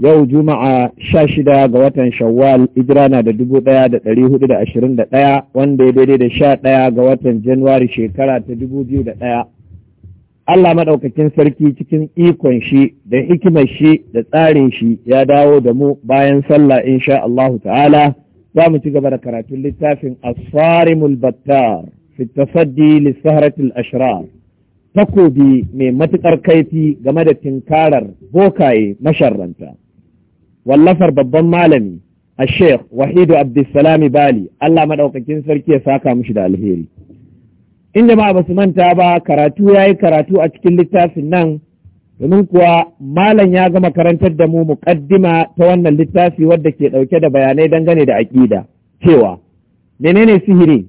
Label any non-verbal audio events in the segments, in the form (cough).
yau juma'a sha shida ga watan shawwal hijira na da dubu ɗaya da ɗari hudu da ashirin da ɗaya wanda ya daidai da sha ɗaya ga watan Januari shekara ta dubu biyu da ɗaya Allah maɗaukakin sarki cikin ikon shi da hikimar shi da tsarin shi ya dawo da mu bayan sallah insha Allahu ta'ala za mu ci gaba da karatun littafin asarimul battar fi tasaddi lissaharatul ashrar takobi mai matuƙar kaifi game da tinkarar bokaye masharranta. Wallafar babban malami, a Sheikh Wahidu Abdulsalami Bali, Allah maɗaukakin sarki ya saka mushi da alheri. In jama'a ba su manta ba, karatu ya yi karatu a cikin littafin nan, domin kuwa malam ya gama karantar da mu muƙaddima ta wannan littafi wadda ke ɗauke da bayanai dangane da aƙida, cewa menene sihiri,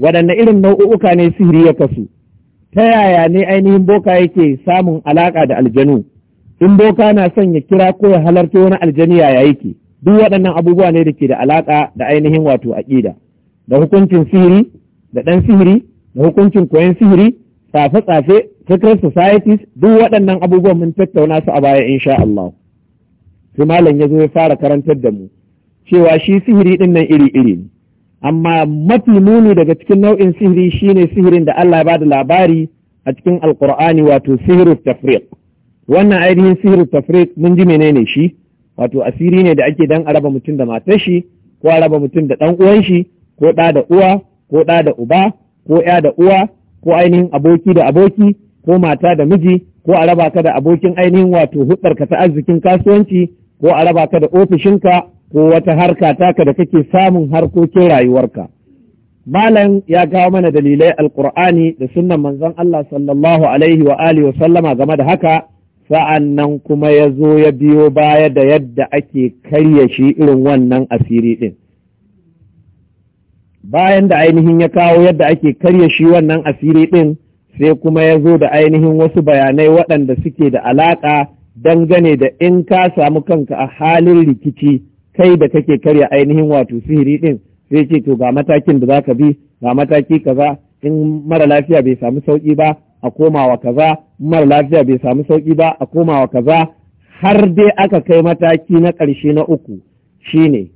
waɗanne irin nau'uka ne sihiri ya kasu. ta yaya ne ainihin boka yake samun alaƙa da aljanu in boka na son ya kira ko ya halarta wani aljani yaya yake duk waɗannan abubuwa ne da ke da alaka da ainihin wato aƙida da hukuncin sihiri da ɗan sihiri da hukuncin koyon sihiri tsafe-tsafe secret societies duk waɗannan abubuwan mun tattauna su a baya insha Allah sai malam ya zo ya fara karantar da mu cewa shi sihiri ɗin nan iri-iri ne amma mafi muni daga cikin nau'in sihiri shine sihirin da Allah ba da labari a cikin alkur'ani wato sihiru tafriq wannan ainihin sihiru tafriq mun ji menene shi wato asiri ne da ake dan a raba mutum da matar shi ko a raba mutum da dan uwan shi ko ɗa da uwa ko ɗa da uba ko ya da uwa ko ainihin aboki da aboki ko mata da miji ko a raba ka da abokin ainihin wato ka ta arzikin kasuwanci ko a raba ka da ofishinka ko wata harka taka da kake samun harkokin rayuwarka malam ya kawo mana dalilai Alƙur'ani da sunan manzon Allah sallallahu alaihi wa alihi wa sallama game da haka sa'an nan kuma ya zo ya biyo baya da yadda ake karya shi irin wannan asiri ɗin. bayan da ainihin ya kawo yadda ake karya shi wannan asiri ɗin sai kuma ya zo da ainihin wasu bayanai waɗanda suke da alaƙa dangane da in ka samu kanka a halin rikici kai da kake karya ainihin wato sihiri ɗin, sai ce to ga matakin da zaka bi ga mataki kaza in mara lafiya bai samu sauki ba a komawa kaza mara lafiya bai samu sauki ba a komawa kaza har dai aka kai mataki na ƙarshe na uku shine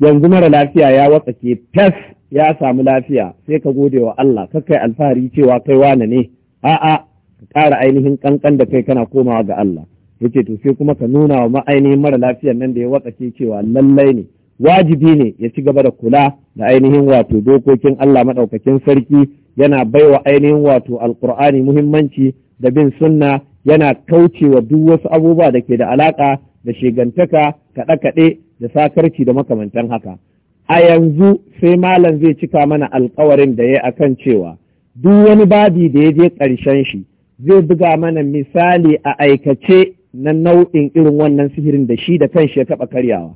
yanzu mara lafiya ya watsake fes ya samu lafiya sai ka gode wa Allah ka kai alfahari cewa kai wane ne a'a ka ƙara ainihin ƙanƙan da kai kana komawa ga Allah yace to sai kuma ka nuna wa ma'ainihin mara lafiyar nan da ya watsake cewa lallai ne wajibi ne ya ci gaba da kula da ainihin wato dokokin Allah madaukakin sarki yana baiwa ainihin wato alqur'ani muhimmanci da bin sunna yana kaucewa duk wasu abubuwa da ke da alaƙa da shigantaka kaɗe-kaɗe da sakarci da makamantan haka a yanzu sai malam zai cika mana alkawarin da ya akan cewa duk wani babi da ya je ƙarshen shi zai buga mana misali a aikace na nau'in irin wannan sihirin da shi da kanshi ya taɓa karyawa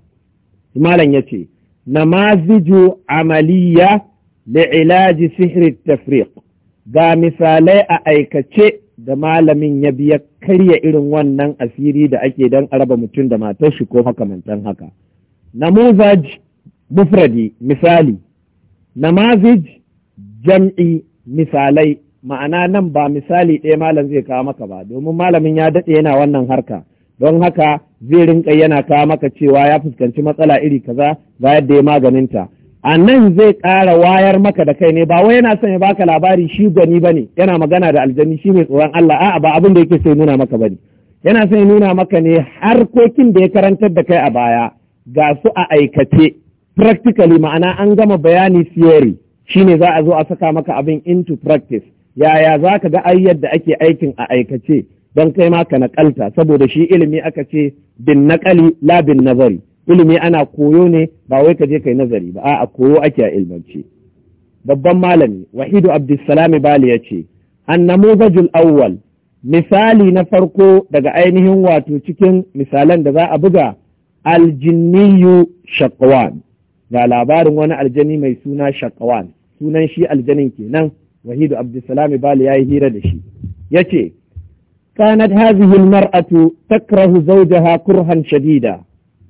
malam ya ce namaziju amaliya da ilaji sihirin tafriq ga misalai a aikace da malamin ya biya karya irin wannan asiri da ake don araba mutum da matar shi ko makamantan haka namuzaj mufradi misali namazij jam'i misalai ma'ana nan ba misali ɗaya malam zai kawo maka ba domin malamin ya daɗe yana wannan harka don haka zai rinka yana kawo maka cewa ya fuskanci matsala iri kaza ba yadda ya maganinta a nan zai ƙara wayar maka da kai ne ba wai yana son ya baka labari shi gani ba ne yana magana da aljani shi mai tsoron Allah a'a ba abin da yake sai nuna maka ba ne. yana son ya nuna maka ne harkokin da ya karantar da kai a baya ga su a aikace practically ma'ana an gama bayani theory shine za a zo a saka maka abin into practice yaya za ka ga ai yadda ake aikin a aikace don kai ma ka naƙalta saboda shi ilimi aka ce bin naƙali la bin nazari ilimi ana koyo ne ba wai ka je kai nazari ba a koyo ake a ilmance babban malami wahidu abdussalam bali ya ce annamuzajul awwal misali na farko daga ainihin wato cikin misalan da za a buga aljinniyu shaqwan ga labarin wani aljani mai suna shaqwan sunan shi aljanin kenan wahidu abdulsalam bali yi hira da shi Ya yace kanat hadhihi almar'atu takrahu zawjaha kurhan shadida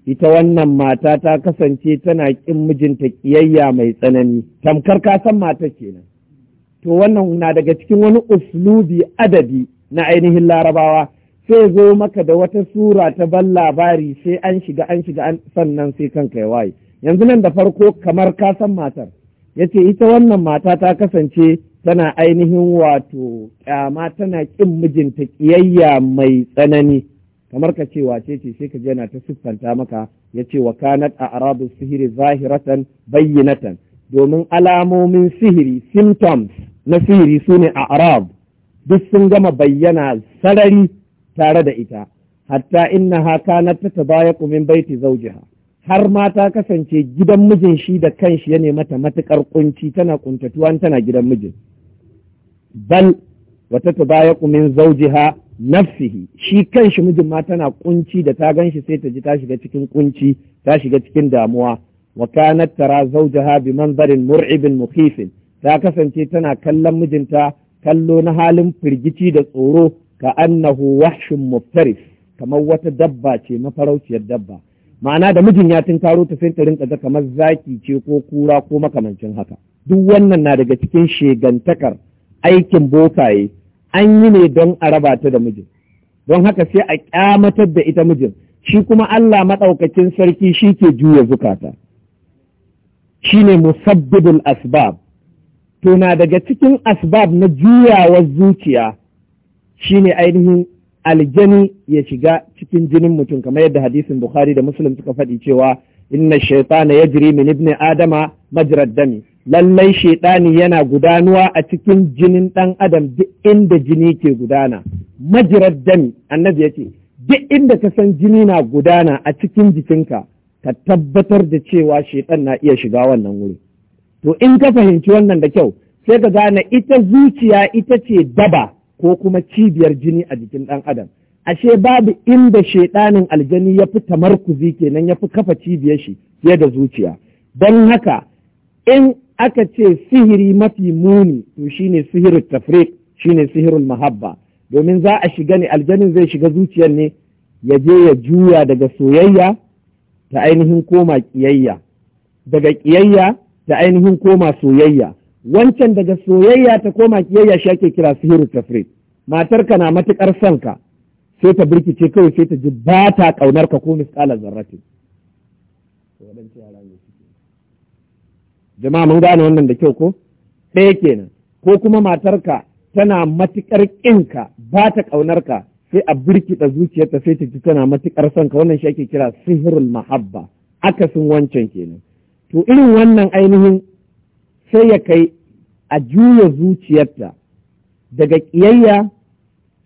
ita wannan mata ta kasance tana kin mijinta kiyayya mai tsanani tamkar ka san mata kenan to wannan na daga cikin wani uslubi adadi na ainihin larabawa sai zo maka da wata sura ta ban labari sai an shiga an shiga sannan sai kanka ya waye yanzu nan da farko kamar ka san matar yace ita wannan mata ta kasance tana ainihin wato ƙyama tana ƙin mijinta ƙiyayya mai tsanani kamar ka ce wace ce sai ka jana ta siffanta maka ya ce wa kanat a arabu sihiri zahiratan bayyinatan domin alamomin sihiri symptoms na sihiri su ne a arab duk sun gama bayyana sarari tare da ita hatta inna ha kanat ta baya kumin baiti zaujiha har ma ta kasance gidan mijin shi da kanshi ya ne mata matukar ƙunci tana kuntatuwa tana gidan mijin bal wata baya kumin zaujiha nafsihi shi kanshi mijin ma tana kunci da ta ganshi sai ta ji ta shiga cikin kunci ta shiga cikin damuwa wa kanat tara zawjaha bi manzarin mur'ibin mukhifin ta kasance tana kallon mijinta kallo na halin firgici da tsoro ka annahu wahshun muftarif kamar wata dabba ce mafarauciyar dabba ma'ana da mijin ya tinkaro ta sai ta rinka kamar zaki ce ko kura ko makamancin haka duk wannan na daga cikin shegantakar aikin bokaye an yi ne don a raba ta da mijin don haka sai a kyamatar da ita mijin shi kuma Allah maɗaukakin sarki shi ke juya zukata shi ne musabbibul asbab to na daga cikin asbab na juyawar zuciya shi ne ainihin aljani ya shiga cikin jinin mutum kamar yadda hadisin bukhari da muslim suka faɗi cewa inna shaytana yajri min ibni adama majrad dami lallai shaytani yana gudanuwa a cikin jinin ɗan adam duk inda jini ke gudana majrad dami annabi yace duk inda ka san jini na gudana a cikin jikinka ka tabbatar da cewa shaitan na iya shiga wannan wuri to in ka fahimci wannan da kyau sai ka gane ita zuciya ita ce daba ko kuma cibiyar jini a jikin ɗan adam ashe babu inda shaidanin aljani ya fi tamarkuzi kenan ya fi kafa cibiyar shi fiye da zuciya don haka in aka ce sihiri mafi muni to shine sihirin tafrik shine sihirin mahabba domin za a shiga ne aljanin zai shiga zuciyar ne ya je ya juya daga soyayya ta ainihin koma kiyayya daga kiyayya ta ainihin koma soyayya wancan daga soyayya ta koma kiyayya shi ake kira sihirin tafrik matarka na matukar son ka sai ta birkice kawai sai ta ji ba ta kaunar ka ko misqala zarrati jama'a mun gane wannan da kyau ko ɗaya kenan ko kuma matarka tana matuƙar ƙinka ba ta ƙaunar ka sai a birkiɗa zuciyarta sai ta ji tana matuƙar son ka wannan shi ake kira sihirul mahabba akasin wancan kenan to irin wannan ainihin sai ya kai a juya zuciyarta daga ƙiyayya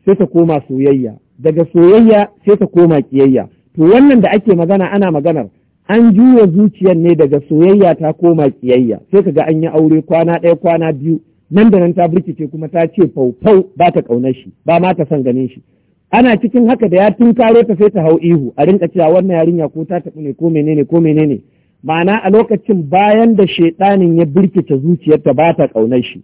sai ta koma soyayya daga soyayya sai ta koma kiyayya to wannan da ake magana ana maganar an juya zuciyar ne daga soyayya ta koma kiyayya sai ka ga an yi aure kwana ɗaya kwana biyu nan da nan ta birkice kuma ta ce faufau ba ta ƙaunar shi ba ma ta son ganin shi ana cikin haka da ya tunkaro ta sai ta hau ihu a rinka cewa wannan yarinya ko ta tafi ne ko menene ko menene ma'ana a lokacin bayan da shaiɗanin ya birkice zuciyarta ba ta ƙaunar shi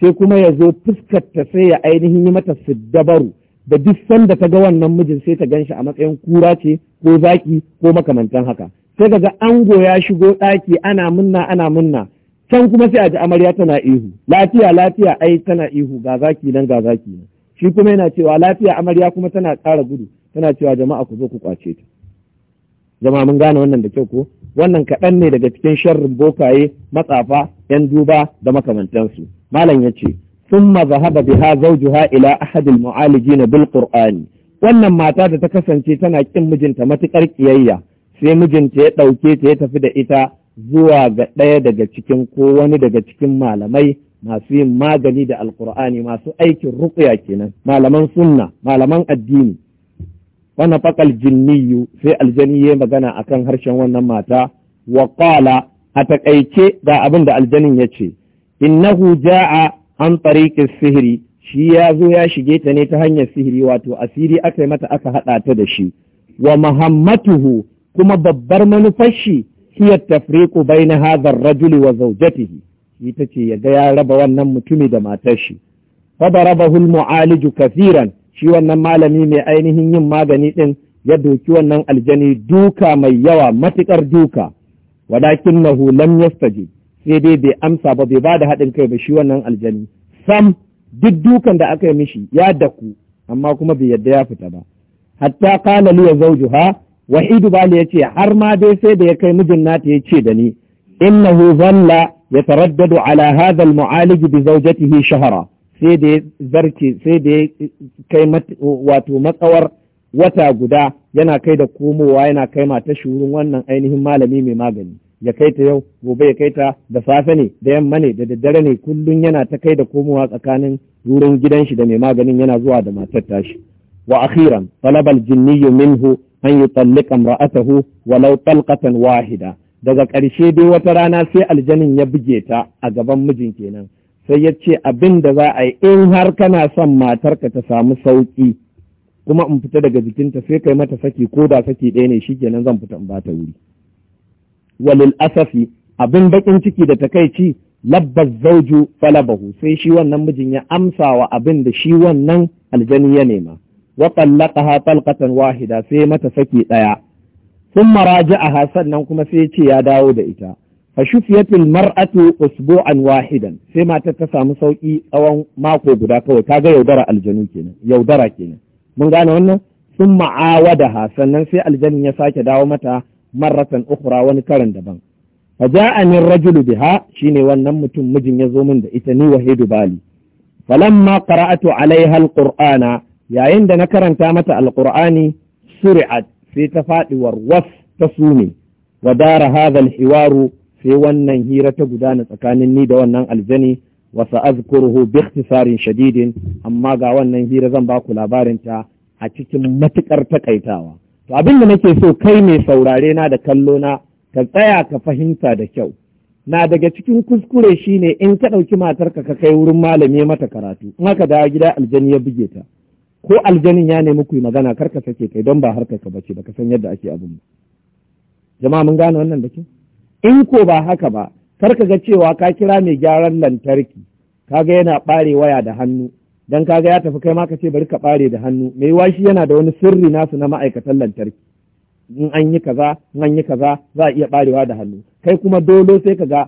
sai kuma ya zo fuskarta sai ya ainihin yi mata siddabaru da duk sanda ta ga wannan mijin sai ta ganshi a matsayin kura ce ko zaki ko makamantan haka sai ga ango ya shigo ɗaki ana munna ana munna can kuma sai a ji amarya tana ihu lafiya lafiya ai tana ihu ga zaki nan ga zaki nan shi kuma yana cewa lafiya amarya kuma tana ƙara gudu tana cewa jama'a ku zo ku kwace ta jama'a mun gane wannan da kyau ko wannan kaɗan ne daga cikin sharrin bokaye matsafa yan duba da makamantansu malam ya ce ثم ذهب بها زوجها إلى أحد المعالجين بالقرآن wannan mata da ta kasance tana kin mijinta matuƙar ƙiyayya sai mijinta ya ɗauke ta ya tafi da ita zuwa ga ɗaya daga cikin ko wani daga cikin malamai masu yin magani da alkur'ani masu aikin ruƙuya kenan malaman sunna malaman addini wannan faqal jinniyu sai aljani ya magana akan harshen wannan mata wa qala a taƙaice ga abin da aljanin ya ce innahu ja'a an tariqis sihiri shi ya zo ya shige ta ne ta hanyar sihiri wato asiri aka yi mata aka haɗa ta da shi wa muhammaduhu kuma babbar manufar shi hiya tafriqu baina hadha ar-rajuli wa zawjatihi ita ce ya ga ya raba wannan mutumi da matar shi fa darabahu al-mu'aliju kathiran shi wannan malami mai ainihin yin magani ɗin ya doki wannan aljani duka mai yawa matukar duka na lam yastajib sai dai bai amsa ba bai ba da haɗin kai ba shi wannan aljani sam duk dukan da aka yi mishi ya daku amma kuma bai yadda ya fita ba hatta kana liya zawjuha wahidu bali ce har ma dai sai da ya kai mijin nata ce da ni innahu zalla yataraddadu ala hadha almu'alij bi zawjatihi shahara sai da zarce sai da kai wato matsawar wata guda yana kai da komowa yana kai mata shi wurin wannan ainihin malami mai magani ya kai ta yau gobe ya kai ta da safe ne da yamma ne da daddare ne kullum yana ta kai da komowa tsakanin wurin gidan shi da mai maganin yana zuwa da matar tashi wa akhiran talabal Jinniyyu minhu an yutallika imra'atahu walau talqatan wahida daga ƙarshe dai wata rana sai aljanin ya buge ta a gaban mijin kenan sai ya ce abin da za a yi in har kana son matarka ta samu sauƙi kuma in fita daga jikinta sai kai mata saki ko da saki ɗaya ne shi kenan zan fita in ba ta wuri walil asafi abin bakin ciki da takaici labbas zauju falabahu sai shi wannan mijin ya amsa wa abin da shi wannan aljani ya nema wa tallaqaha talqatan wahida sai mata saki daya a hasan sannan kuma sai ce ya dawo da ita fa shufiyatil mar'atu usbu'an wahidan sai mata ta samu sauki tsawon mako guda kawai kaga yaudara aljanu kenan yaudara kenan mun gane wannan da hasan sannan sai aljanin ya sake dawo mata marratan ukhra wani karin daban fa ja'ani ar-rajulu biha shine wannan mutum mijin ya zo min da ita ni wahidu bali falamma qara'atu alaiha al-qur'ana yayin da na karanta mata alqur'ani suri'at sai ta fadi warwas ta sume wa dara hadha hiwaru sai wannan hira ta gudana tsakanin ni da wannan aljani wa sa'azkuruhu bi ikhtisarin shadidin amma ga wannan hira zan ba ku labarin ta a cikin matukar takaitawa to abin da nake so kai mai saurare na da kallo na ka tsaya ka fahimta da kyau na daga cikin kuskure shine in ka ɗauki matarka ka kai wurin malami mata karatu in aka dawo gida aljani ya buge ta ko aljanin ya nemi ku magana kar ka sake kai don ba harkar ka bace ba ka san yadda ake abin ba jama'a mun gane wannan da kyau in ko ba haka ba kar ka ga cewa ka kira mai gyaran lantarki Ka ga yana ɓare waya da hannu dan kaga ya tafi kai ma ka ce bari ka bare da hannu mai washi yana da wani sirri nasu na ma'aikatan lantarki in an yi kaza in an yi kaza za a iya barewa da hannu kai kuma dolo sai ka ga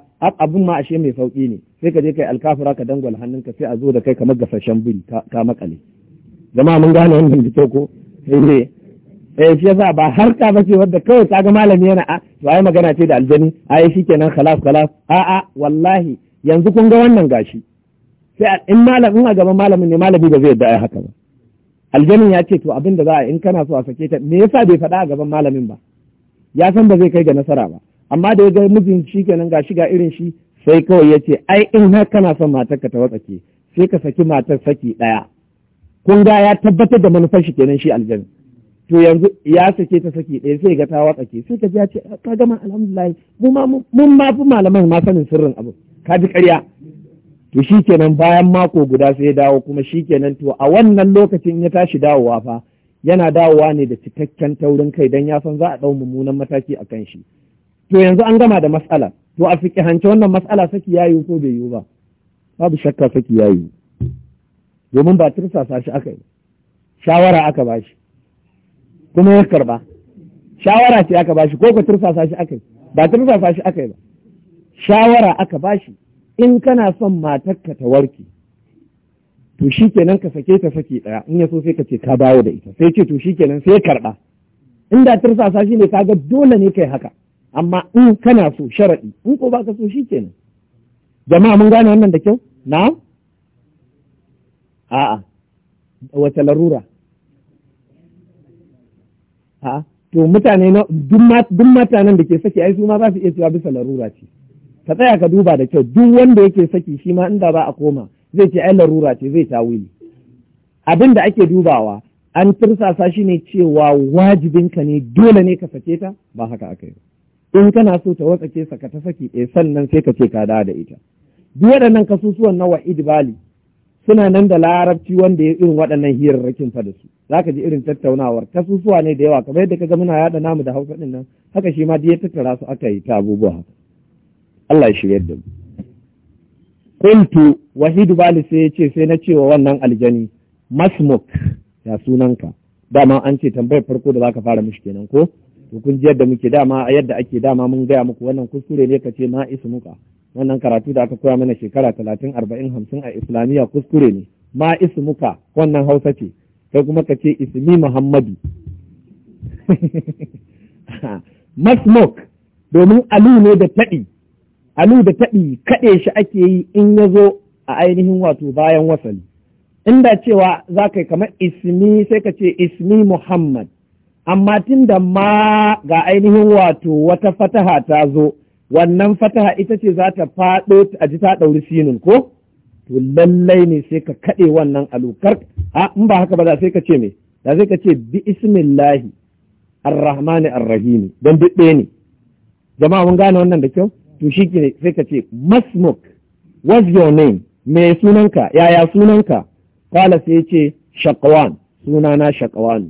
abin ma ashe mai sauki ne sai ka je kai alkafura ka dangwala hannunka sai a zo da kai kamar gafashen biri ka makale jama'a mun gane wannan da kyau ko eh, eh eh shi yasa ba harka ba ce wadda kawai kaga malami yana a ah, to ai magana ce da aljani ai shikenan khalas khalas a a wallahi yanzu kun ga wannan gashi sai in malamin a gaban malamin ne malami ba zai yadda ai haka ba aljanin ya ce to abin da za a in kana so a sake ta me yasa bai faɗa a gaban malamin ba ya san ba zai kai ga nasara ba amma da ya ga mijin shi kenan ga shiga irin shi sai kawai ya ce ai in har kana son matar ka ta watsake sai ka saki matar saki ɗaya kun ga ya tabbatar da manufar shi kenan shi aljanin to yanzu ya sake ta saki ɗaya sai ga ta watsake sai ka ji ya ce ah, ka gama alhamdulillah mu ma mun ma fi malaman ma sanin sirrin abu ka ji ƙarya to shikenan bayan mako guda sai ya dawo kuma shikenan to a wannan lokacin ya tashi dawowa fa yana dawowa ne da cikakken taurin kai dan ya san za a dau mummunan mataki a kan shi to yanzu an gama da matsala to a hanci wannan matsala saki ya yiwu ko bai yiwu ba babu shakka saki ya yiwu domin ba tursasa shi aka yi shawara aka ba shi kuma ya karba shawara ce aka ba shi ko ka tursasa shi aka yi ba tursasa shi aka yi ba shawara aka ba shi in kana son matarka ta warke to shi kenan ka sake ta saki ɗaya in ya so sai ka ce ka dawo da ita sai ce to shi kenan sai karɓa inda sa shi ne kaga dole ne kai haka amma in kana so sharaɗi in ko baka so shi kenan jama'a mun gane wannan da kyau na a'a wace larura Aa, to mutane na duk mutanen da ke saki ai su ma za su iya cewa bisa larura ce ka tsaya ka duba da kyau duk wanda yake saki shi ma inda ba a koma zai ce ai larura ce zai ta tawili abin da ake dubawa an tursasa shi ne cewa wajibinka ne dole ne ka sake ta ba haka aka yi in kana so ta watsake saka ta saki eh sannan sai ka ce ka da da ita duk waɗannan kasusuwan na wa'id bali suna nan da larabci wanda ya irin waɗannan hirarrakin fa da su zaka ji irin tattaunawar kasusuwa ne da yawa kamar yadda ka ga muna yaɗa namu da Hausa ɗin nan haka shi ma ya tattara su aka yi ta abubuwa haka. Allah ya shirya da mu Kuntu wahidu bali sai yace sai na cewa wannan aljani masmuk ya sunanka dama an ce tambayar farko da za ka fara mishi kenan ko to kun ji yadda muke dama a yadda ake dama mun gaya muku wannan kuskure ne kace ma ismuka wannan karatu da aka koya mana shekara talatin arba'in hamsin a islamiyya kuskure ne ma ismuka wannan hausa ce sai kuma ka ismi muhammadu (laughs) masmuk domin alu ne da taɗi alu da taɗi kaɗe shi ake yi in ya zo a ainihin wato bayan wasali inda cewa za ka yi kamar ismi sai ka ce ismi muhammad amma tun da ma ga ainihin wato wata fataha ta zo wannan fataha ita ce za ta faɗo a ji ta ɗauri sinin ko to lallai ne sai ka kaɗe wannan alukar a in ba haka ba za sai ka ce me da sai ka ce bi ismillahi arrahmani arrahimi don duk ɗaya ne jama'a mun gane wannan da kyau to shi ke sai ka ce masmuk what's your name me sunanka yaya sunanka kala sai ce shakawan sunana shakawan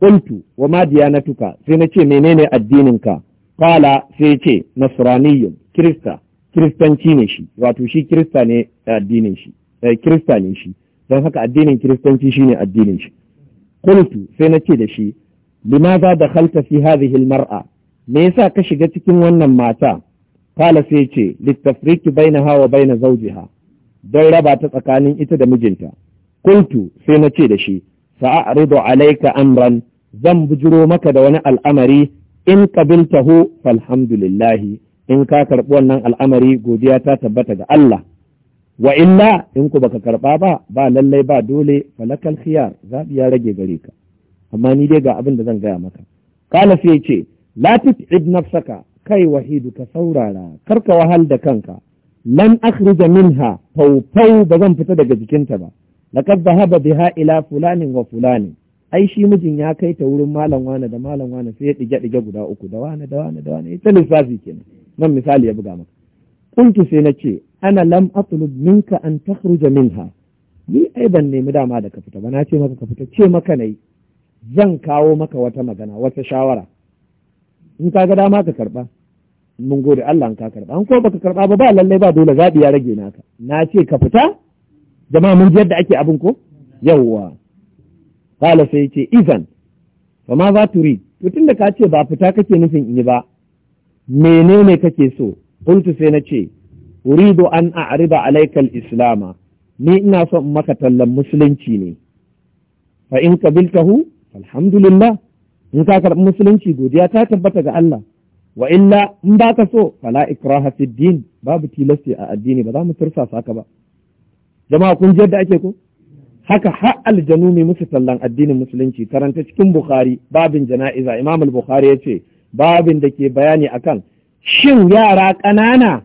kuntu wa ma tuka sai na ce menene addininka kala sai ce nasraniyun kirista kiristanci ne shi wato shi kirista ne addinin shi eh, kirista ne shi don haka addinin kiristanci shine addinin shi Kultu sai na ce da shi limaza dakhalta fi hadhihi almar'a me yasa ka shiga cikin wannan mata kala sai ce littafriki bainaha wa baina ha don raba ta tsakanin ita da mijinta kultu sai na ce da shi sa'aridu alaika amran zan bujiro maka da wani al'amari in hu falhamdulillahi in ka karɓi wannan al'amari godiya ta tabbata ga Allah wa illa in ku baka karɓa ba ba lallai ba dole falakal khiyar zaɓi ya rage gare ka amma ni dai ga abin da zan gaya maka kala sai ce la tut'ib nafsaka kai wahidu ka saurara kar ka wahal da kanka lan akhrija minha faufau ba zan fita daga jikinta ba laqad dhahaba biha ila fulani wa fulani. ai shi mijin ya kai ta wurin malam wane da malam wane sai ya dige dige guda uku da wane da wane da wane ita lissafi kenan nan misali ya buga maka kuntu sai na ce ana lam atlub minka an takhruja minha ni ai ban nemi dama da ka fita ba na ce maka ka fita ce maka nayi zan kawo maka wata magana wata shawara in ka ga dama ka karba mun gode Allah ka karba an ko baka karɓa ba ba lallai ba dole zabi ya rage naka na ce ka fita jama'a mun yadda ake abin ko yawwa kala sai ce izan fa ma za turi to tunda ka ce ba fita kake nufin in yi ba menene kake so kuntu sai na ce uridu an a'riba alaikal islama ni ina so in maka tallan musulunci ne fa in kabiltahu alhamdulillah in ka karɓi musulunci godiya ta tabbata ga Allah wa illa in ba ka so fala ikraha fi din babu tilasti a addini ba za mu tursa saka ba jama'a kun ji yadda ake ko haka har aljanu musu sallan addinin musulunci karanta cikin bukhari babin jana'iza imam al-bukhari yace babin da ke bayani akan shin yara ƙanana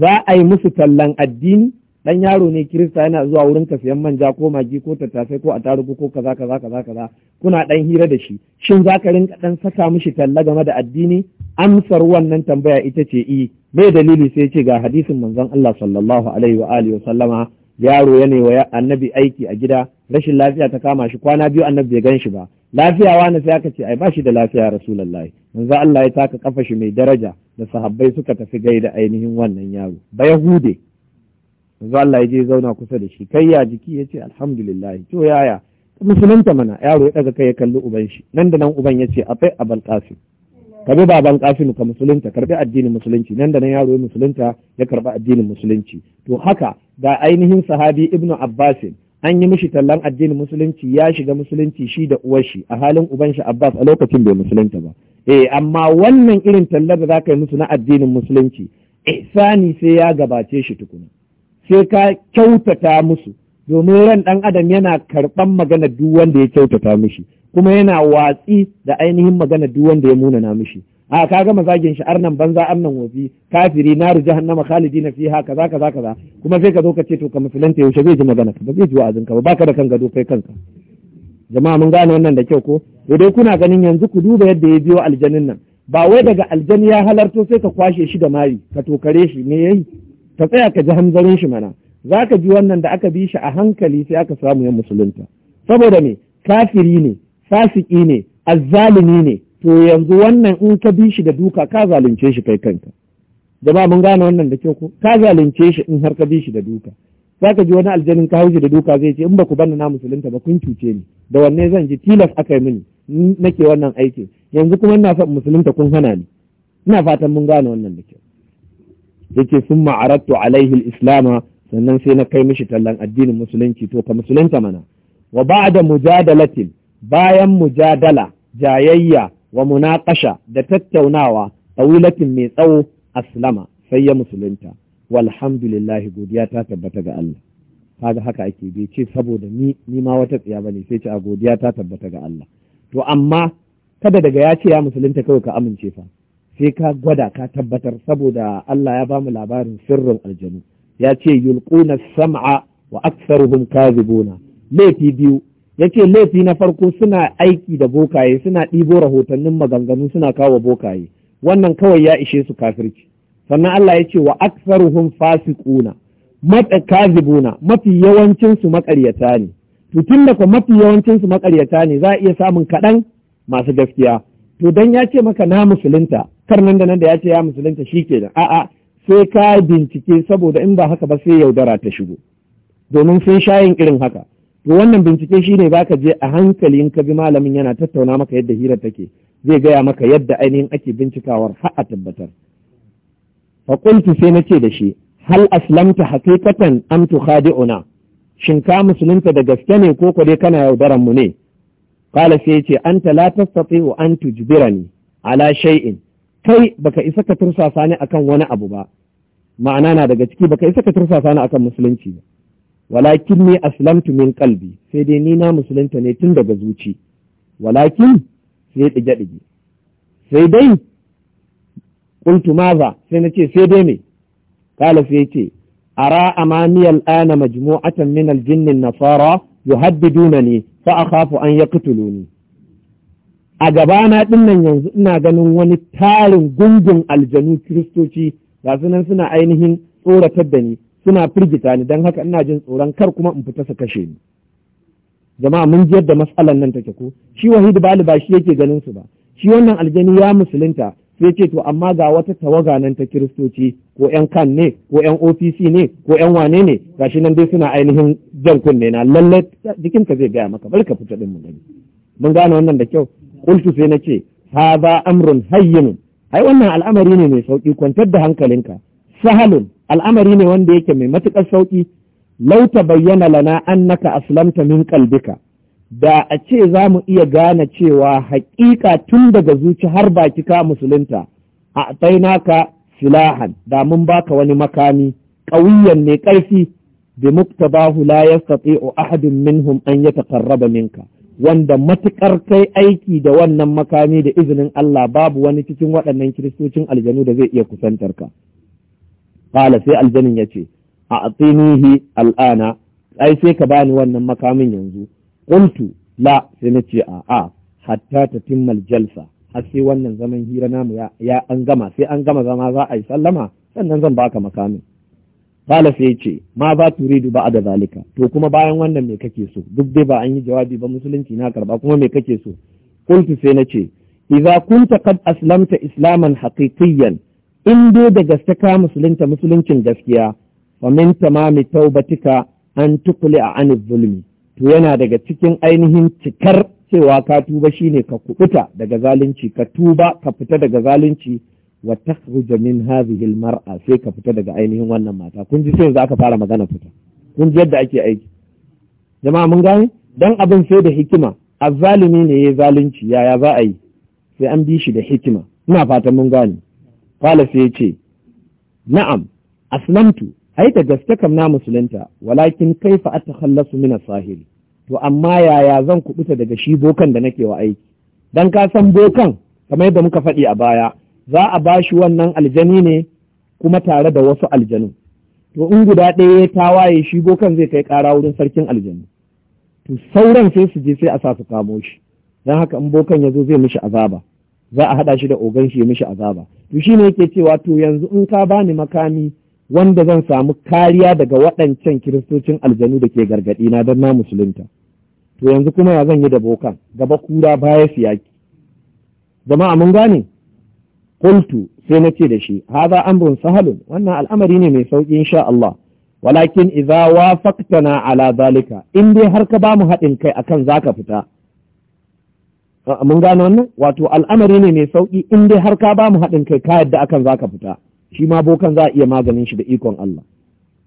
za a yi musu tallan addini dan yaro ne kirista yana zuwa wurin ka sayan manja ko magi ko tattasai ko atarugu ko kaza kaza kaza kaza kuna dan hira da shi shin za ka rinka dan saka mishi talla game da addini amsar wannan tambaya ita ce i eh, mai dalili sai ce ga hadisin manzon Allah sallallahu alaihi wa alihi wa sallama yaro yana wa annabi aiki a gida rashin lafiya ta kama shi kwana biyu annabi bai ganshi ba lafiya wani sai aka ce ai ba shi da lafiya rasulullahi manzon Allah ya taka kafa shi mai daraja da sahabbai suka tafi gaida ainihin wannan yaro ba hude. manzon Allah ya je zauna kusa da shi kai ya jiki ya ce alhamdulillah to yaya musulunta mana yaro ya daga kai ya kalli uban shi nan da nan uban yace a abal qasim ka bi baban kasimu ka musulunta karbi addinin musulunci nan da nan yaro ya musulunta ya karbi addinin musulunci to haka da ainihin sahabi ibnu Abbasi, an yi mishi tallan addinin musulunci ya shiga musulunci shi da uwar shi a halin uban shi Abbas a lokacin bai musulunta ba eh amma wannan irin tallar da zaka yi musu na addinin musulunci ihsani sai ya gabace shi tukuna sai ka kyautata musu domin ran dan adam yana karban magana duk wanda ya kyautata mishi kuma yana watsi da ainihin magana duk wanda ya munana mishi a ka gama zagin shi nan banza arnan wofi kafiri naru jahannama khalidina fiha kaza kaza kaza kuma sai ka zo ka ce to ka musulunta yaushe zai ji magana ba zai ji wa'azin ka ba baka da kan gado kai kanka jama'a mun gane wannan da kyau ko to kuna ganin yanzu ku duba yadda ya biyo aljanin nan ba wai daga aljani ya halarto sai ka kwashe shi da mari ka tokare shi me yayi ka tsaya ka ji hanzarin shi mana Za ka ji wannan da aka bi shi a hankali sai aka samu ya musulunta saboda me kafiri ne fasiki ne azzalimi ne to yanzu wannan in ka bi shi da duka ka zalunce shi kai kanka jama'a mun gane wannan da kyau ko ka zalunce shi in har ka bi shi da duka zaka ji wani aljanin ka haushi da duka zai ce in ba ku banna na musulunta ba kun cuce ni da wanne zan ji tilas aka yi mini nake wannan aikin yanzu kuma ina son musulunta kun hana ni ina fatan mun gane wannan da kyau yake sun ma'arattu alaihi islama sannan sai na kai mishi tallan addinin musulunci to ka musulunta mana wa ba'da mujadalatin bayan mujadala jayayya wa munaqasha da tattaunawa tawilatin mai tsawo aslama sai ya musulunta walhamdulillahi godiya ta tabbata ga Allah kaga haka ake bai ce saboda ni ni ma wata tsiya bane sai ce a godiya ta tabbata ga Allah to amma kada daga ya ce ya musulunta kawai ka amince fa sai ka gwada ka tabbatar saboda Allah ya bamu labarin sirrin aljanu ya ce yulquna sam'a wa aktsaruhum kadhibuna laifi biyu Ya ce laifi na farko suna aiki da bokaye suna ɗibo rahotannin maganganu suna kawo bokaye wannan kawai ya ishe su kafirci sannan Allah ya ce wa aksaruhum fasiquna mata kazibuna mafi yawancin su makaryata ne to tun da mafi yawancin su makaryata ne za a iya samun kaɗan masu gaskiya to dan ya ce maka na musulunta kar nan da nan da ya ce ya musulunta shikenan a'a sai ka bincike saboda in ba haka ba sai yaudara ta shigo domin sai shayin irin haka wannan bincike shi ne zaka je a hankali ka bi malamin yana tattauna maka yadda hira take zai gaya maka yadda ainihin ake bincikawar har a tabbatar fa sai sai ce da shi hal aslamta haqiqatan am tukhadi'una shin ka musulunta da gaske ne ko ko dai kana yaudaran mu ne qala sai yace anta la tastati'u an tujbirani ala shay'in kai baka isa ka tursasa ni akan wani abu ba ma'ana na daga ciki baka isa ka tursasa ni akan musulunci ba walakin ne aslamtu min qalbi sai dai ni na musulunta ne tun daga zuci walakin sai dige dige sai dai qultu maza sai nace sai dai me kala sai yace ara amani al'ana majmu'atan min al-jinn an-nasara yuhaddidunani fa akhafu an yaqtuluni a gabana dinnan yanzu ina ganin wani tarin gungun aljanu kiristoci ga nan suna ainihin tsoratar da ni suna firgita ni don haka ina jin tsoron kar kuma in fita su kashe ni jama'a mun ji yadda matsalar nan take ko shi wahid bali ba shi yake ganin su ba shi wannan aljani ya musulunta sai ce to amma ga wata tawaga nan ta kiristoci ko yan kan ne ko yan ofc ne ko yan wane ne gashi nan dai suna ainihin jan kunne na lalle ka zai gaya maka bari ka fita din mu gani mun gane wannan da kyau kultu sai nace ba amrun hayyin ai wannan al'amari ne mai sauki kwantar da hankalinka sahalun al'amari ne wanda yake mai matuƙar sauƙi lauta bayyana lana annaka aslamta min kalbika da a ce za mu iya gane cewa haƙiƙa tun daga zuci har baki ka musulunta a naka silahan da mun baka wani makami ƙauyen ne ƙarfi bi muktabahu la yastati'u ahadun minhum an yataqarraba minka wanda matuƙar kai aiki da wannan makami da izinin Allah babu wani cikin waɗannan kiristocin aljanu da zai iya kusantar ka qala sai aljanin yace a atinihi al'ana ai sai ka bani wannan makamin yanzu qultu la sai nace a a hatta tatimmal jalsa har sai wannan zaman hira namu ya an gama sai an gama zama za a yi sallama sannan zan baka makamin Kala sai ce ma ba turidu ba da zalika to kuma bayan wannan me kake so duk dai ba an yi jawabi ba musulunci na karba kuma me kake so kuntu sai na ce idza kunta qad aslamta islaman haqiqiyyan in dai da gaske ka musulunta musuluncin gaskiya wa min tamami taubatika an tukuli a anis zulmi to yana daga cikin ainihin cikar cewa ka tuba shine ka kubuta daga zalunci ka tuba ka fita daga zalunci wa takhruja min hadhihi almar'a sai ka fita daga ainihin wannan mata kun ji sai za ka fara magana fita kun ji yadda ake aiki jama'a mun gane dan abin sai da hikima azzalimi ne ya zalunci yaya za a yi sai an bi shi da hikima ina fatan mun gane Kala sai ya ce, Na'am, aslamtu, ai da gaske kam na musulunta, walakin kai ta hallasu mina sahiri. To amma yaya zan kuɓuta daga shi bokan da nake wa aiki? Don ka san bokan kamar yadda muka faɗi a baya, za a bashi wannan aljani ne kuma tare da wasu aljanu. To in guda ɗaya ta waye shi bokan zai kai ƙara wurin sarkin aljanu. To sauran sai su je sai a sa su kamo shi. Don haka in bokan ya zo zai mishi azaba. za a haɗa shi da ogan shi mishi azaba to shi ne yake cewa to yanzu in ka bani makami wanda zan samu kariya daga waɗancan kiristocin aljanu da ke gargaɗi na don na musulunta to yanzu kuma ya zan yi da bokan gaba kura baya siyaki jama'a mun gane Kultu, sai na ce da shi haza amrun sahalun wannan al'amari ne mai sauƙi insha Allah walakin idza wafaqtana ala zalika in dai har ka bamu haɗin kai akan zaka fita mun gano wannan wato al'amari ne mai sauki in dai har ka ba mu haɗin kai ka yadda akan za ka fita shi ma bokan za a iya maganin shi da ikon Allah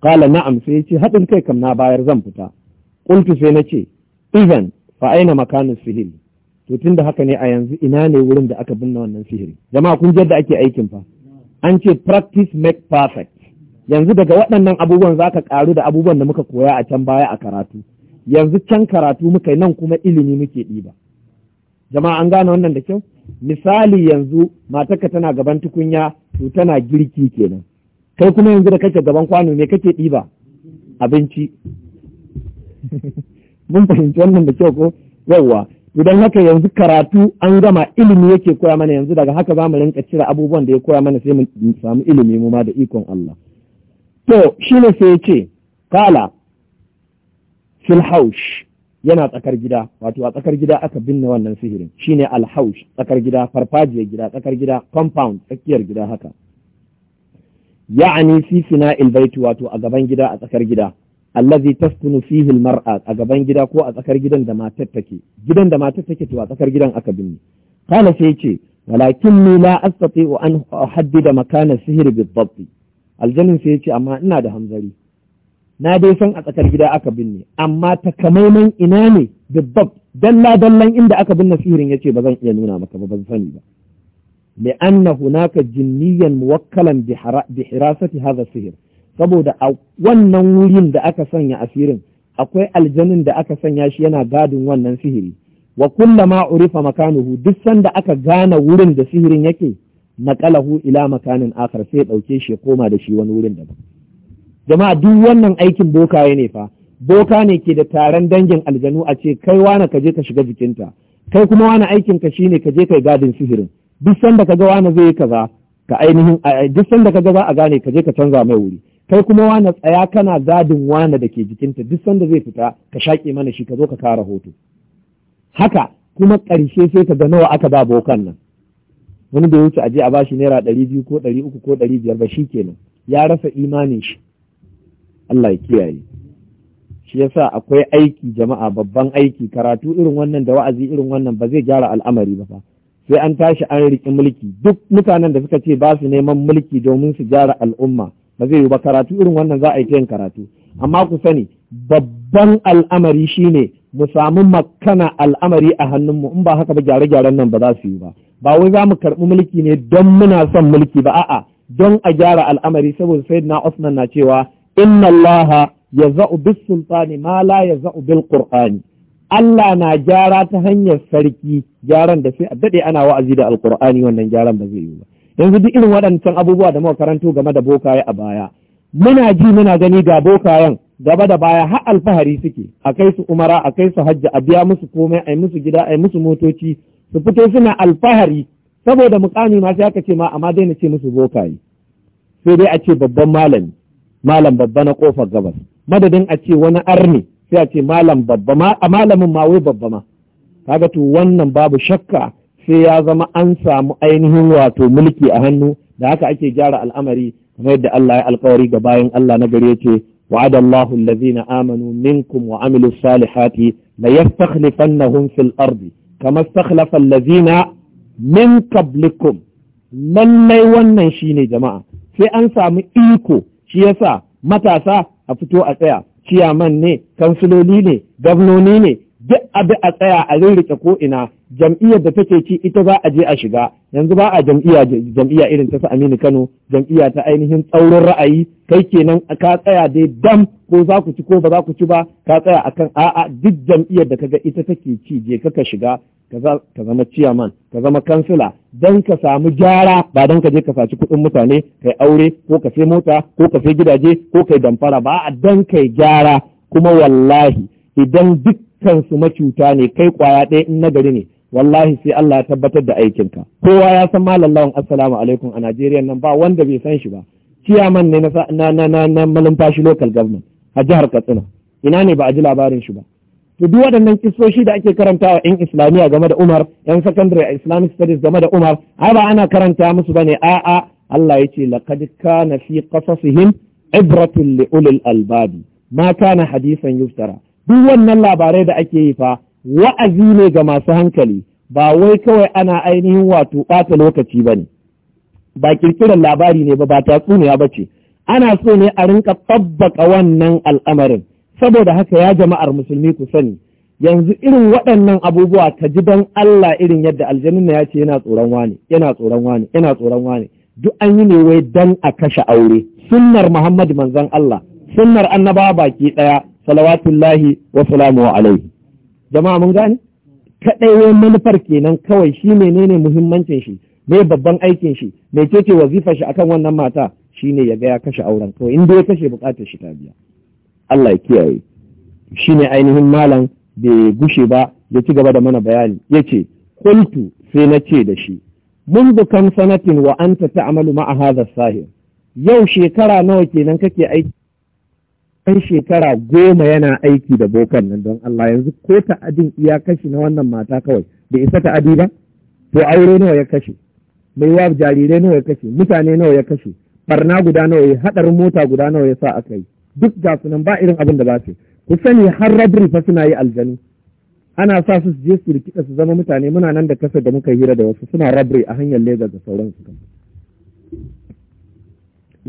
kala na'am sai ce haɗin kai kam na bayar zan fita ƙuntu sai na idan fa aina makanin sihiri to tunda haka ne a yanzu ina ne wurin da aka binne wannan sihiri jama'a kun da ake aikin fa an ce practice make perfect yanzu daga waɗannan abubuwan za ka ƙaru da abubuwan da muka koya a can baya a karatu yanzu can karatu muka nan kuma ilimi muke ɗiba jama'a an gane wannan da kyau misali yanzu matarka tana gaban tukunya to tana girki kenan kai kuma yanzu da kake gaban kwano me kake ɗiba abinci (laughs) mun fahimci wannan da kyau ko yawwa idan haka yanzu karatu an gama ilimi yake koya mana yanzu daga haka za mu rinka cire abubuwan da ya koya mana sai mu samu ilimi mu ma da ikon Allah to shine sai ya ce kala fil haush yana tsakar gida wato a tsakar gida aka binne wannan sihirin shine alhaush tsakar gida farfajiyar gida tsakar gida compound tsakiyar gida haka ya'ani fi sina'il wato a gaban gida a tsakar gida allazi taskunu fihi almar'a a gaban gida ko a tsakar gidan da matar take gidan da matar take to a tsakar gidan aka binne kana sai yace walakin ni la astati'u an uhaddida makana sihir bidabt aljannin sai yace amma ina da hanzari na dai san a tsakar gida aka binne amma takamaiman ina ne dubbab dalla dallan inda aka binne sihirin yace ba zan iya nuna maka ba ban sani ba li'anna hunaka jinniyan muwakkalan bi hirasati hadha sihir saboda a wannan wurin da aka sanya asirin akwai aljanin da aka sanya shi yana gadin wannan sihiri wa kullama urifa makanuhu duk sanda aka gane wurin da sihirin yake naqalahu ila makanin akhar sai dauke shi koma da shi wani wurin daban jama'a duk wannan aikin ya ne fa boka ne ke da taron dangin aljanu a ce kai wani ka je ka shiga jikinta kai kuma wani aikin ka shine ka je kai gadin sihirin duk sanda ka ga wani zai yi kaza ka ainihin duk sanda ka ga za a gane ka je ka canza mai wuri kai kuma wani tsaya kana gadin wani da ke jikinta duk sanda zai fita ka shaƙe mana shi ka zo ka kara hoto haka kuma ƙarshe sai ka ga nawa aka ba bokan nan wani bai wuce a je a bashi naira ɗari biyu ko ɗari uku ko ɗari biyar ba shi kenan ya rasa imanin shi Allah ya kiyaye shi ya sa akwai aiki jama'a babban aiki karatu irin wannan da wa'azi irin wannan ba zai gyara al'amari ba sai an tashi an riƙi mulki duk mutanen da suka ce ba su neman mulki domin su gyara al'umma ba zai yi ba karatu irin wannan za a yi ta yin karatu amma ku sani babban al'amari shine mu samu makana al'amari a hannunmu in ba haka ba gyare-gyaren nan ba za su yi ba ba wai za mu karɓi mulki ne don muna son mulki ba a'a don a gyara al'amari saboda sai na Osman na cewa inna Allah ya za'u bis sultani ma la ya za'u bil qur'ani Allah na gyara ta hanyar sarki gyaran da sai a dade ana wa'azi da alqur'ani wannan gyaran ba zai yi ba yanzu duk irin waɗancan abubuwa da muka karanto game da bokaye a baya muna ji muna gani ga bokayen gaba da baya har alfahari suke a kai su umara a kai su hajji a biya musu komai a yi musu gida a yi musu motoci su fito suna alfahari saboda mukami ma sai aka ce ma amma dai na ce musu bokaye sai dai a ce babban malami malam babba na kofar gabas madadin a ce wani arni sai a ce malam babba ma a malamin ma wai babba ma kaga to wannan babu shakka sai ya zama an samu ainihin wato mulki a hannu da haka ake gyara al'amari kamar yadda Allah ya alkawari ga bayan Allah na gari yace وعد الله الذين آمنوا منكم وعملوا الصالحات ليستخلفنهم في الأرض كما استخلف الذين من قبلكم lallai wannan shine jama'a sai an samu iko shi yasa matasa a fito a tsaya ciyaman ne kansiloli ne gabnoni ne duk abi a tsaya a rirrike ko ina jam'iyyar da take ci ita za a je a shiga yanzu ba a jam'iyya irin ta su Aminu Kano jam'iyya ta ainihin tsaurin ra'ayi kai kenan ka tsaya dai dam ko za ku ci ko ba za ku ci ba ka tsaya a kan a'a duk jam'iyyar da kaga ita take ci je ka shiga ka zama ciyaman ka zama kansila don ka samu gyara ba don ka je ka saci kuɗin mutane ka yi aure ko ka sai mota ko ka sai gidaje ko ka yi damfara ba a don ka yi gyara kuma wallahi idan dukkan su macuta ne kai kwaya ɗaya in nagari ne wallahi sai Allah ya tabbatar da aikinka kowa ya san malam lawan assalamu alaikum a Najeriya nan ba wanda bai san shi ba ciyaman ne na na na na malumfashi local government a jihar Katsina ina ne ba a ji labarin shi ba to duk waɗannan kisoshi da ake karantawa yan islamiyya game da Umar yan secondary Islamic studies game da Umar ai ba ana karanta musu bane a'a Allah ya ce laqad kana fi qasasihim ibratun li ulil albabi ma kana hadisan yuftara duk wannan labarai da ake yi fa wa'azi ne ga masu hankali ba wai kawai ana ainihin wato ɓata lokaci ba ne ba ƙirƙirar labari ne ba ba tatsuniya ba ce ana so ne a rinka tabbaka wannan al'amarin saboda haka ya jama'ar musulmi ku sani yanzu irin waɗannan abubuwa ta ji don Allah irin yadda aljanin ya ce yana tsoron wani yana tsoron wani yana tsoron wani duk an yi ne wai dan a kashe aure sunnar muhammadu manzon Allah sunnar annabawa baki ɗaya, salawatullahi wa salamu alaihi jama'a mun gane kaɗai wai manufar kenan kawai shi menene muhimmancin shi me babban aikin shi me ce wazifar shi akan wannan mata Shi shine ya ga ya kashe auren kawai in dai ya kashe bukatar shi ta biya Allah ya kiyaye shine ainihin malam bai gushe ba ya ci gaba da mana bayani ya ce kultu sai na ce da shi منذ كم سنة وأنت ma a هذا sahil yau shekara nawa kenan kake aiki kan shekara goma yana aiki da bokan nan don Allah yanzu ko ta'adin iya kashi na wannan mata kawai bai isa ta'adi ba to aure nawa ya kashe mai wa jarirai nawa ya kashe mutane nawa ya kashe barna guda nawa ya hadar mota guda nawa ya sa aka yi duk ga sunan ba irin abin da ba su ku sani har rabri fa suna yi aljanu ana sa su je su rikida su zama mutane muna nan da kasa da muka hira da wasu suna rabri a hanyar Legas da sauran sauransu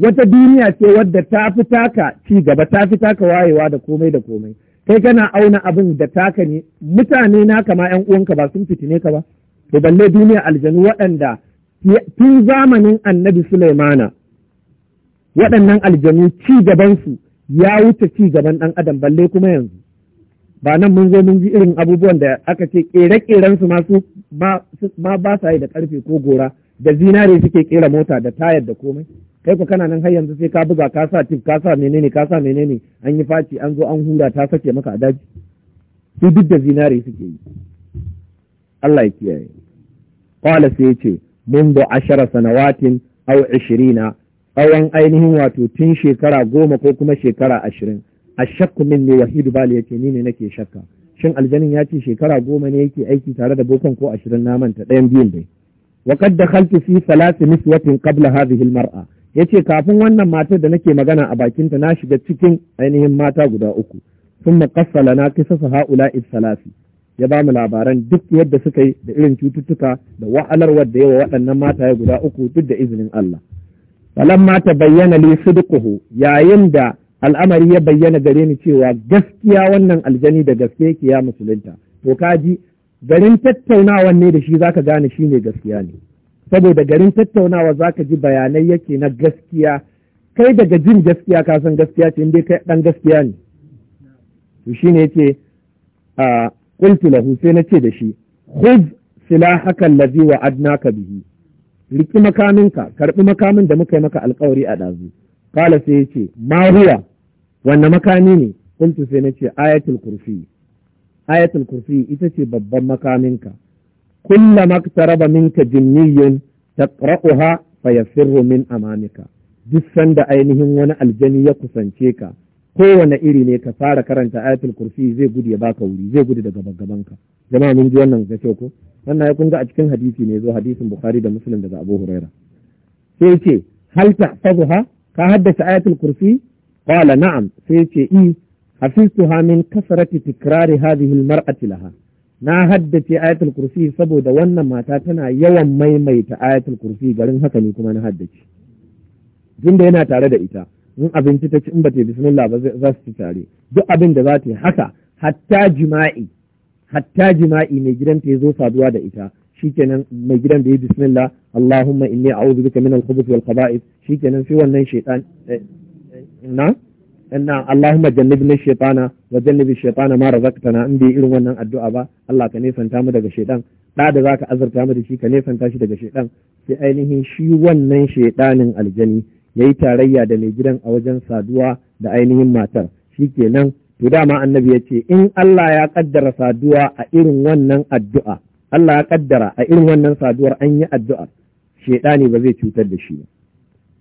wata duniya ce wadda ta fi taka ci gaba ta fi taka wayewa da komai da komai kai kana auna abin da taka ne mutane na kama yan uwanka ba sun fitine ka ba to balle duniya aljanu waɗanda tun zamanin annabi Sulaimana waɗannan aljanu ci gabansu ya wuce ci gaban ɗan adam balle kuma yanzu ba nan mun zo mun ji irin abubuwan da aka ce ƙere-ƙeren su masu ma ba sa yi da karfe ko gora da zinare suke ƙera mota da tayar da komai kai ku kana nan har yanzu sai ka buga ka sa tif ka sa menene ka sa menene an yi faci an zo an hura ta sace maka a daji su duk da zinare suke yi Allah ya kiyaye qala sai yace منذ عشر sanawatin أو 20 tsawon ainihin wato tun shekara goma ko kuma shekara ashirin a shakku min ne wahidu bali yake ni ne nake shakka shin aljanin ya ce shekara goma ne yake aiki tare da bokan ko ashirin na manta ɗayan biyun dai wa da halki fi salasi niswatin qabla hadhihi almar'a yace kafin wannan matar da nake magana a bakinta na shiga cikin ainihin mata guda uku thumma qassala na haula is salasi ya ba mu labaran duk yadda suka yi da irin cututtuka da wa'alarwar da yawa waɗannan mata guda uku duk da izinin Allah falamma ta bayyana li sidquhu yayin da al'amari ya bayyana gare ni cewa gaskiya wannan aljani da gaske yake ya musulunta to kaji garin tattaunawa ne da shi zaka gane shi ne gaskiya ne saboda garin tattaunawa zaka ji bayanai yake na gaskiya kai daga jin gaskiya ka san gaskiya ce inda kai dan gaskiya ne to ne yake a qultu lahu sai na ce da shi khudh silahaka allazi ka bihi riki makaminka karɓi makamin da muka yi maka alkawari a ɗazu kala sai ya ce ma huwa wanne makami ne kuntu sai na ce ayatul kursi ayatul kursi ita ce babban makaminka kulla raba minka jinniyun taqra'uha fayafirru min amamika duk sanda ainihin wani aljani ya kusance ka kowane iri ne ka fara karanta ayatul kursi zai gudu ya baka wuri zai gudu daga gabanka jama'a mun ji wannan gace ko wannan ya kunga a cikin hadisi ne zo hadisin bukhari da muslim daga abu huraira sai ce hal tahfazuha ka haddace ayatul kursi qala na'am sai ce i hafiztuha min kasrati tikrari hadhihi almar'ati laha na haddace ayatul kursi saboda wannan mata tana yawan maimaita ayatul kursi garin haka ne kuma na haddace tunda yana tare da ita in abinci ta ci in bata bismillah ba za su ci tare duk abin da za ta yi haka hatta jima'i hatta jima'i mai gidanta ya zo saduwa da ita shikenan mai gidan da ya bismillah Allahumma inni a'udhu bika min al-khubuth wal khaba'ith shikenan sai wannan shaytan eh, eh, na inna Allahumma jannibni shaytana wa jannibi shaytana ma razaqtana in bai irin wannan addu'a ba Allah ka nesanta mu daga shaytan da da zaka azurta mu da shi ka nesanta shi daga shaytan sai ainihin shi wannan shaytanin aljani yayi tarayya da mai gidan a wajen saduwa da ainihin matar shikenan to dama annabi ya ce in Allah ya kaddara saduwa a irin wannan addu'a Allah ya kaddara a irin wannan saduwar an yi addu'ar shedani ba zai cutar da shi ba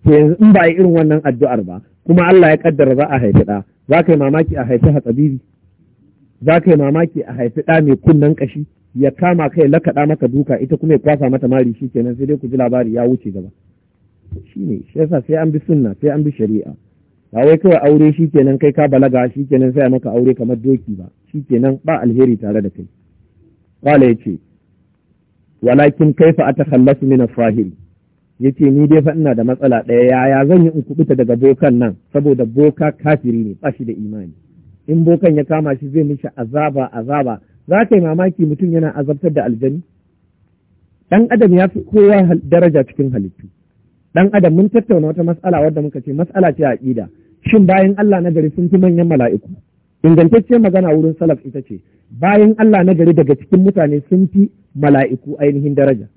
to yanzu in ba a irin wannan addu'ar ba kuma Allah ya kaddara za a haifi ɗa za ka yi mamaki a haifi hatsabibi za ka yi mamaki a haifi ɗa mai kunnen kashi ya kama kai lakaɗa maka duka ita kuma ya kwasa mata mari shi kenan sai dai ku ji labari ya wuce gaba shi ne shi yasa sai an bi sunna sai an bi shari'a ba wai kawai aure shi shikenan kai ka balaga shi shikenan sai maka aure kamar doki ba shikenan ba alheri tare da kai qala yace walakin kaifa atakhallasu min as-sahil yace ni dai fa ina da matsala ɗaya yaya zan yi in kubuta daga bokan nan saboda boka kafiri ne ba da imani in bokan ya kama shi zai mishi azaba azaba za ka yi mamaki mutum yana azabtar da aljani dan adam ya fi kowa daraja cikin halittu dan adam mun tattauna wata matsala wadda muka ce matsala ce aqida shin bayan Allah na gari sun fi manyan mala'iku ingantacciyar magana wurin salaf ita ce bayan Allah na gari daga cikin mutane sun fi mala'iku ainihin daraja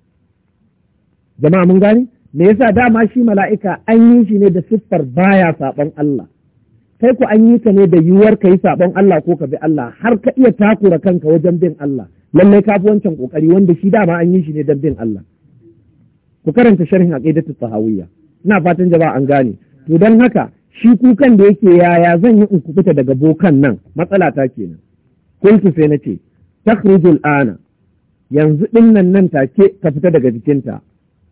jama'a mun gani me yasa dama shi mala'ika an yi shi ne da siffar baya saɓon Allah kai ku an yi ka ne da yiwuwar ka yi saɓon Allah ko ka bi Allah har ka iya takura kanka wajen bin Allah lallai ka fi wancan ƙoƙari wanda shi dama an yi shi ne don bin Allah ku karanta sharhin aqidatu sahawiyya. ina fatan jama'a an gane to don haka shi kukan da yake yaya zan yi in fita daga bokan nan matsala ta kenan kuntu sai na ce takhrujul ana yanzu din nan take ka fita daga jikinta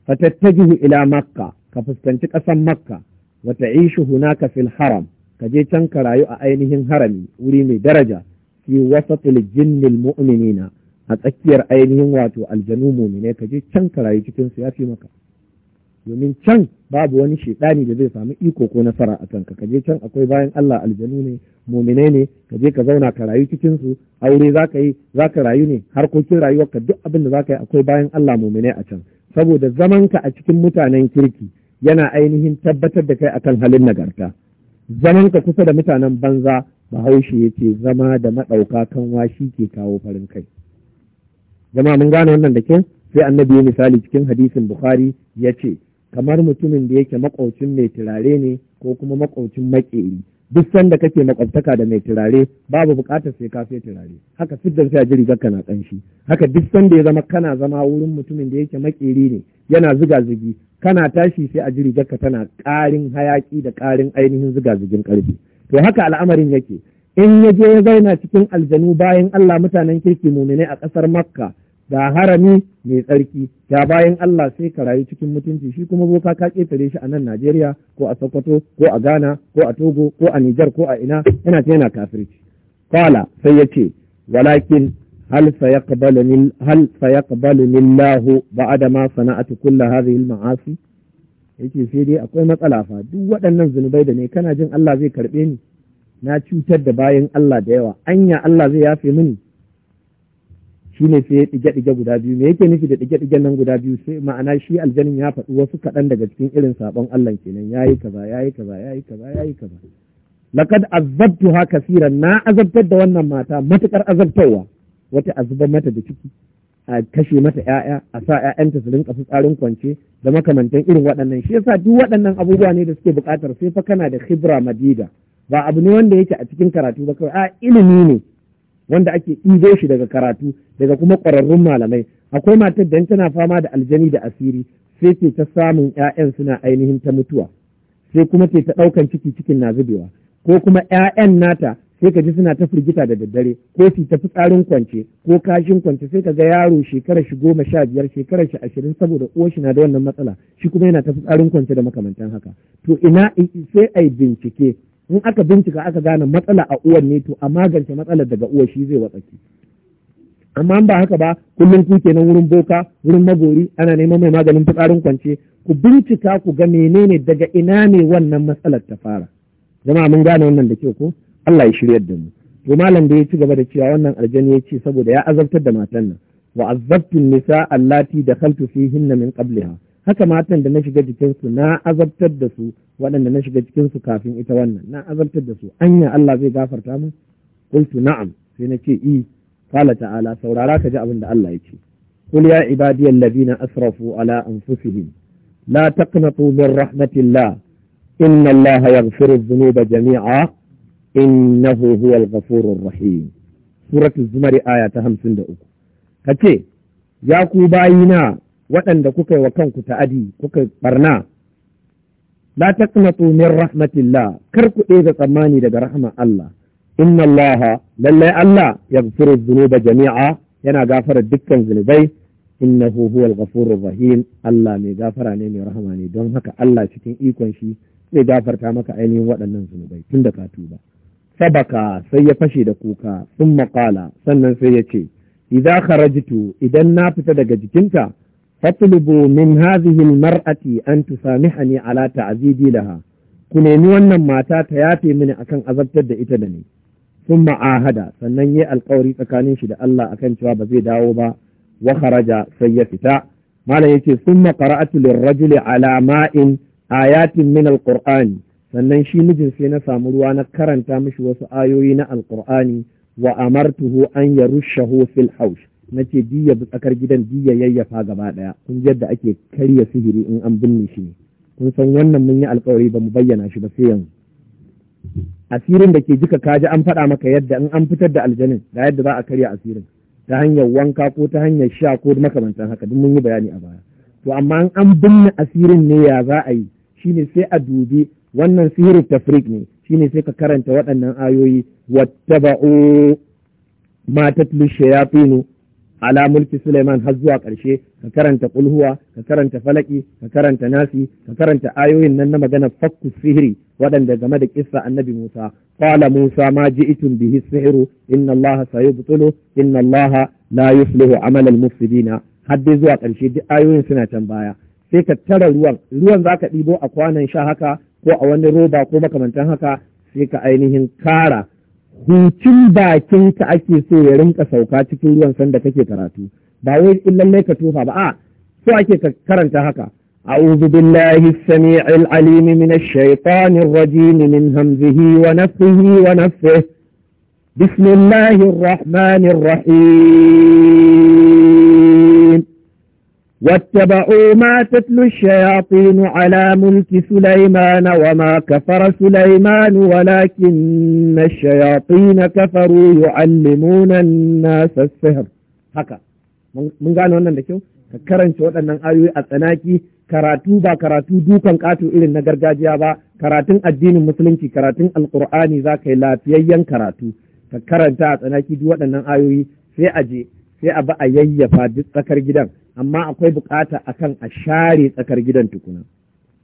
fatattajihu ila makka ka fuskanci ƙasan makka wata ishu hunaka fil haram ka je can ka rayu a ainihin harami wuri mai daraja fi wasatil jinnil mu'minina a tsakiyar ainihin wato aljanu mu'mine ka je can ka rayu cikin su ya fi maka domin can babu wani shaidani da zai samu iko ko nasara a kanka kaje can akwai bayan Allah aljanu ne muminai ne kaje ka zauna ka rayu cikin su aure zaka yi zaka rayu ne harkokin ka duk abin da zaka yi akwai bayan Allah muminai a can saboda zamanka a cikin mutanen kirki yana ainihin tabbatar da kai akan halin nagarta zamanka kusa da mutanen banza bahaushe ya ce zama da maɗauka kanwa shi ke kawo farin kai zama mun gane wannan da ke sai annabi ya misali cikin hadisin bukhari ya ce kamar mutumin da yake makwaucin mai turare ne ko kuma makwaucin makeri duk sanda kake makwabtaka da mai turare babu bukatar sai ka sai turare haka siddar sai ji rigar kana kanshi haka duk sanda ya zama kana zama wurin mutumin da yake makeri ne yana ziga zigi kana tashi sai a ji ka tana karin hayaƙi da karin ainihin ziga zigin karfi to haka al'amarin yake in ya je ya zauna cikin aljanu bayan Allah mutanen kirki muminai a ƙasar Makka Da harami mai tsarki Da bayan Allah sai ka rayu cikin mutunci shi kuma boka ka ƙetare shi a nan Najeriya ko a Sokoto ko a Ghana ko a Togo ko a Nijar ko a ina yana ce yana kafirci qala sai yace walakin hal sayaqbalu min hal sayaqbalu millahu ba'da ma sana'atu kull hadhihi al-ma'asi yake sai dai akwai matsala fa duk waɗannan zunubai da ne kana jin Allah zai karɓe ni na cutar da bayan Allah da yawa anya Allah zai yafe mini ne sai ɗige ɗige guda biyu me yake nufi da ɗige ɗigen nan guda biyu sai ma'ana shi aljanin ya faɗi wasu kaɗan daga cikin irin sabon Allah kenan yayi kaza yi kaza yi kaza yi kaza Azabtu ha kasira na azabtar da wannan mata matuƙar azabtarwa wata azuba mata da ciki a kashe mata ‘ya'ya a sa ‘ya'yanta su rinka tsarin kwance da makamantan irin waɗannan shi yasa duk waɗannan abubuwa ne da suke buƙatar sai fa kana da khibra madida ba abu ne wanda yake a cikin karatu ba kawai a ilimi ne wanda ake ɗibo shi daga karatu daga kuma ƙwararrun malamai akwai matar da tana fama da aljani da asiri sai ke ta samun 'ya'yan suna ainihin ta mutuwa sai kuma ke ta ɗaukan ciki cikin na zubewa ko kuma 'ya'yan nata sai ka ji suna ta firgita da daddare ko su ta fitsarin kwance ko kashin kwance sai ka ga yaro shekarar shi goma sha biyar shekarar shi ashirin saboda uwar shi na da wannan matsala shi kuma yana ta fitsarin kwance da makamantan haka to ina sai ai bincike in aka bincika aka gane matsala a uwan ne to a magance matsalar daga uwa shi zai watsaki amma ba haka ba kullum ku kenan wurin boka wurin magori ana neman mai maganin fitsarin kwance ku bincika ku ga menene daga ina ne wannan matsalar ta fara Zama mun gane wannan da kyau ko Allah ya shiryar da mu to malam da ya ci gaba da cewa wannan aljani ya ce saboda ya azabtar da matan nan wa azabtun nisa allati dakhaltu fihinna min qabliha haka matan da na shiga jikinsu na azabtar da su waɗanda na shiga cikinsu kafin ita wannan na azabtar da su anya Allah zai gafarta mu qultu na'am sai na ce i qala ta'ala saurara ka ji abin da Allah yake qul ya ibadiyal ladina asrafu ala anfusihim la taqnatu min rahmatillah inna Allah yaghfiru dhunuba jami'a innahu huwal ghafurur rahim suratul zumar aya ta 53 kace ya ku bayina waɗanda kuka yi wa kanku ta'adi kuka yi barna la taqnatu min rahmatillah kar ku ɗebe tsammani daga rahman Allah inna Allah lallai Allah yaghfiru dhunuba jami'a yana gafara dukkan zunubai innahu huwal ghafurur rahim Allah mai gafara ne mai rahama ne don haka Allah cikin ikon shi zai gafarta maka ainihin waɗannan zunubai tun da ka tuba sabaka sai ya fashe da kuka sun maƙala sannan sai ya ce idza kharajtu idan na fita daga jikinta fatlubu min hadhihi almar'ati an tusamihani ala ta'zidi laha ku nemi wannan mata ta yafe mini akan azabtar da ita da ni sun ma'ahada sannan yi alkawari tsakanin shi da Allah akan cewa ba zai dawo ba wa sai ya fita malam yace summa qara'atu lirrajuli ala ma'in ayatin min alqur'ani sannan shi mijin sai na samu ruwa na karanta mashi wasu ayoyi na alqur'ani wa amartuhu an yarushahu fil haush na ce diya tsakar gidan diya yayyafa gaba ɗaya kun yadda ake karya sihiri in an binne shi ne kun san wannan mun yi alkawari ba mu bayyana shi ba sai yanzu asirin da ke jika kaji an faɗa maka yadda in an fitar da aljanin ga yadda za a karya asirin ta hanyar wanka ko ta hanyar sha ko makamantan haka duk mun yi bayani a baya to amma in an binne asirin ne ya za a yi shine sai a dubi wannan sihirin tafrik ne shine sai ka karanta waɗannan ayoyi wattaba'u ma tatlu shayatinu ala mulki Sulaiman har zuwa ƙarshe ka karanta kulhuwa ka karanta falaki ka karanta nasi ka karanta ayoyin nan na magana fakku sihiri waɗanda game da kissa annabi Musa qala Musa ma ji'tum bihi sihiru inna Allah sayubtilu inna Allah la yuslihu amal al mufsidina har dai zuwa ƙarshe duk ayoyin suna can baya sai ka tara ruwan ruwan zaka ɗibo a kwanan sha haka ko a wani roba ko makamantan haka sai ka ainihin kara hucin bakinta ake so ya rinka sauka cikin ruwan sanda kake karatu ba wai illan ka tufa ba a so ake ka karanta haka a'udhu billahi as-sami'il 'alim min ash-shaytanir rajim min hamzihi wa nafthihi wa nafthihi bismillahir واتبعوا ما تتلو الشياطين على ملك سليمان وما كفر سليمان ولكن الشياطين كفروا يعلمون الناس السحر هكا mun gane wannan da kyau ka karanta waɗannan ayoyi a tsanaki karatu ba karatu dukan ƙato irin na gargajiya ba karatun addinin musulunci karatun alkur'ani za yi lafiyayyen karatu ka karanta a tsanaki duk waɗannan ayoyi sai a je sai a ba a yayyafa duk tsakar gidan amma akwai bukata akan a share tsakar gidan tukuna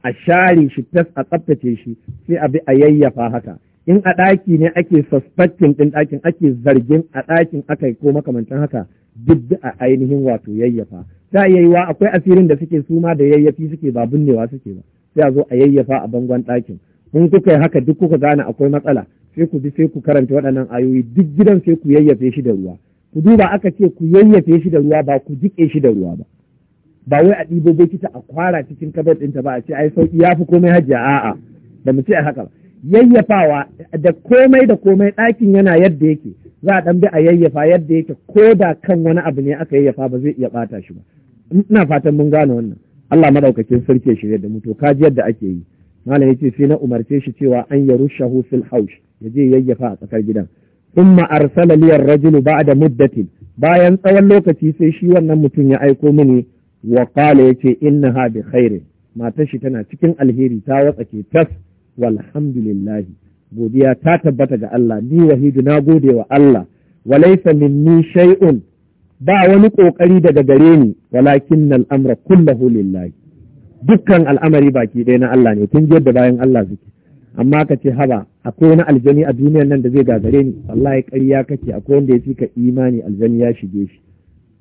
a share shi tas a tsaftace shi sai a bi a yayyafa haka in a ɗaki ne ake suspecting ɗin ɗakin ake zargin a ɗakin aka ko makamantan haka duk a ainihin wato yayyafa ta yi akwai asirin da suke suma da yayyafi suke ba binnewa suke ba sai a zo a yayyafa a bangon ɗakin in kuka yi haka duk kuka gane akwai matsala sai ku bi sai ku karanta waɗannan ayoyi duk gidan sai ku yayyafe shi da ruwa ku duba aka ce ku yayyafe shi da ruwa ba ku jike shi da ruwa ba ba wai a ɗibo bokiti a kwara cikin kabar ɗinta ba a ce ai sauki ya fi komai hajji a'a ba mu ce a haka ba yayyafawa da komai da komai ɗakin yana yadda yake za a ɗan bi a yayyafa yadda yake ko da kan wani abu ne aka yayyafa ba zai iya ɓata shi ba ina fatan mun gane wannan Allah madaukakin sarki shirye da mu to ji yadda ake yi malam ce sai na umarce shi cewa an yarushahu fil haush ya je yayyafa a tsakar gidan thumma arsala li ar ba da muddatin bayan tsawon lokaci sai shi wannan mutum ya aiko mini wa ce yace innaha bi khairin matar shi tana cikin alheri ta watsa ke tas Walhamdulillahi. godiya ta tabbata ga Allah ni wahidu na gode wa Allah wa laysa minni shay'un ba wani kokari daga gare ni walakin al'amra kullahu lillahi dukkan al'amari baki ɗaya na Allah ne kun da bayan Allah suke amma ka ce haba akwai wani aljani a duniyar nan da zai gagare ni wallahi ƙarya kake akwai wanda ya ka imani aljani ya shige shi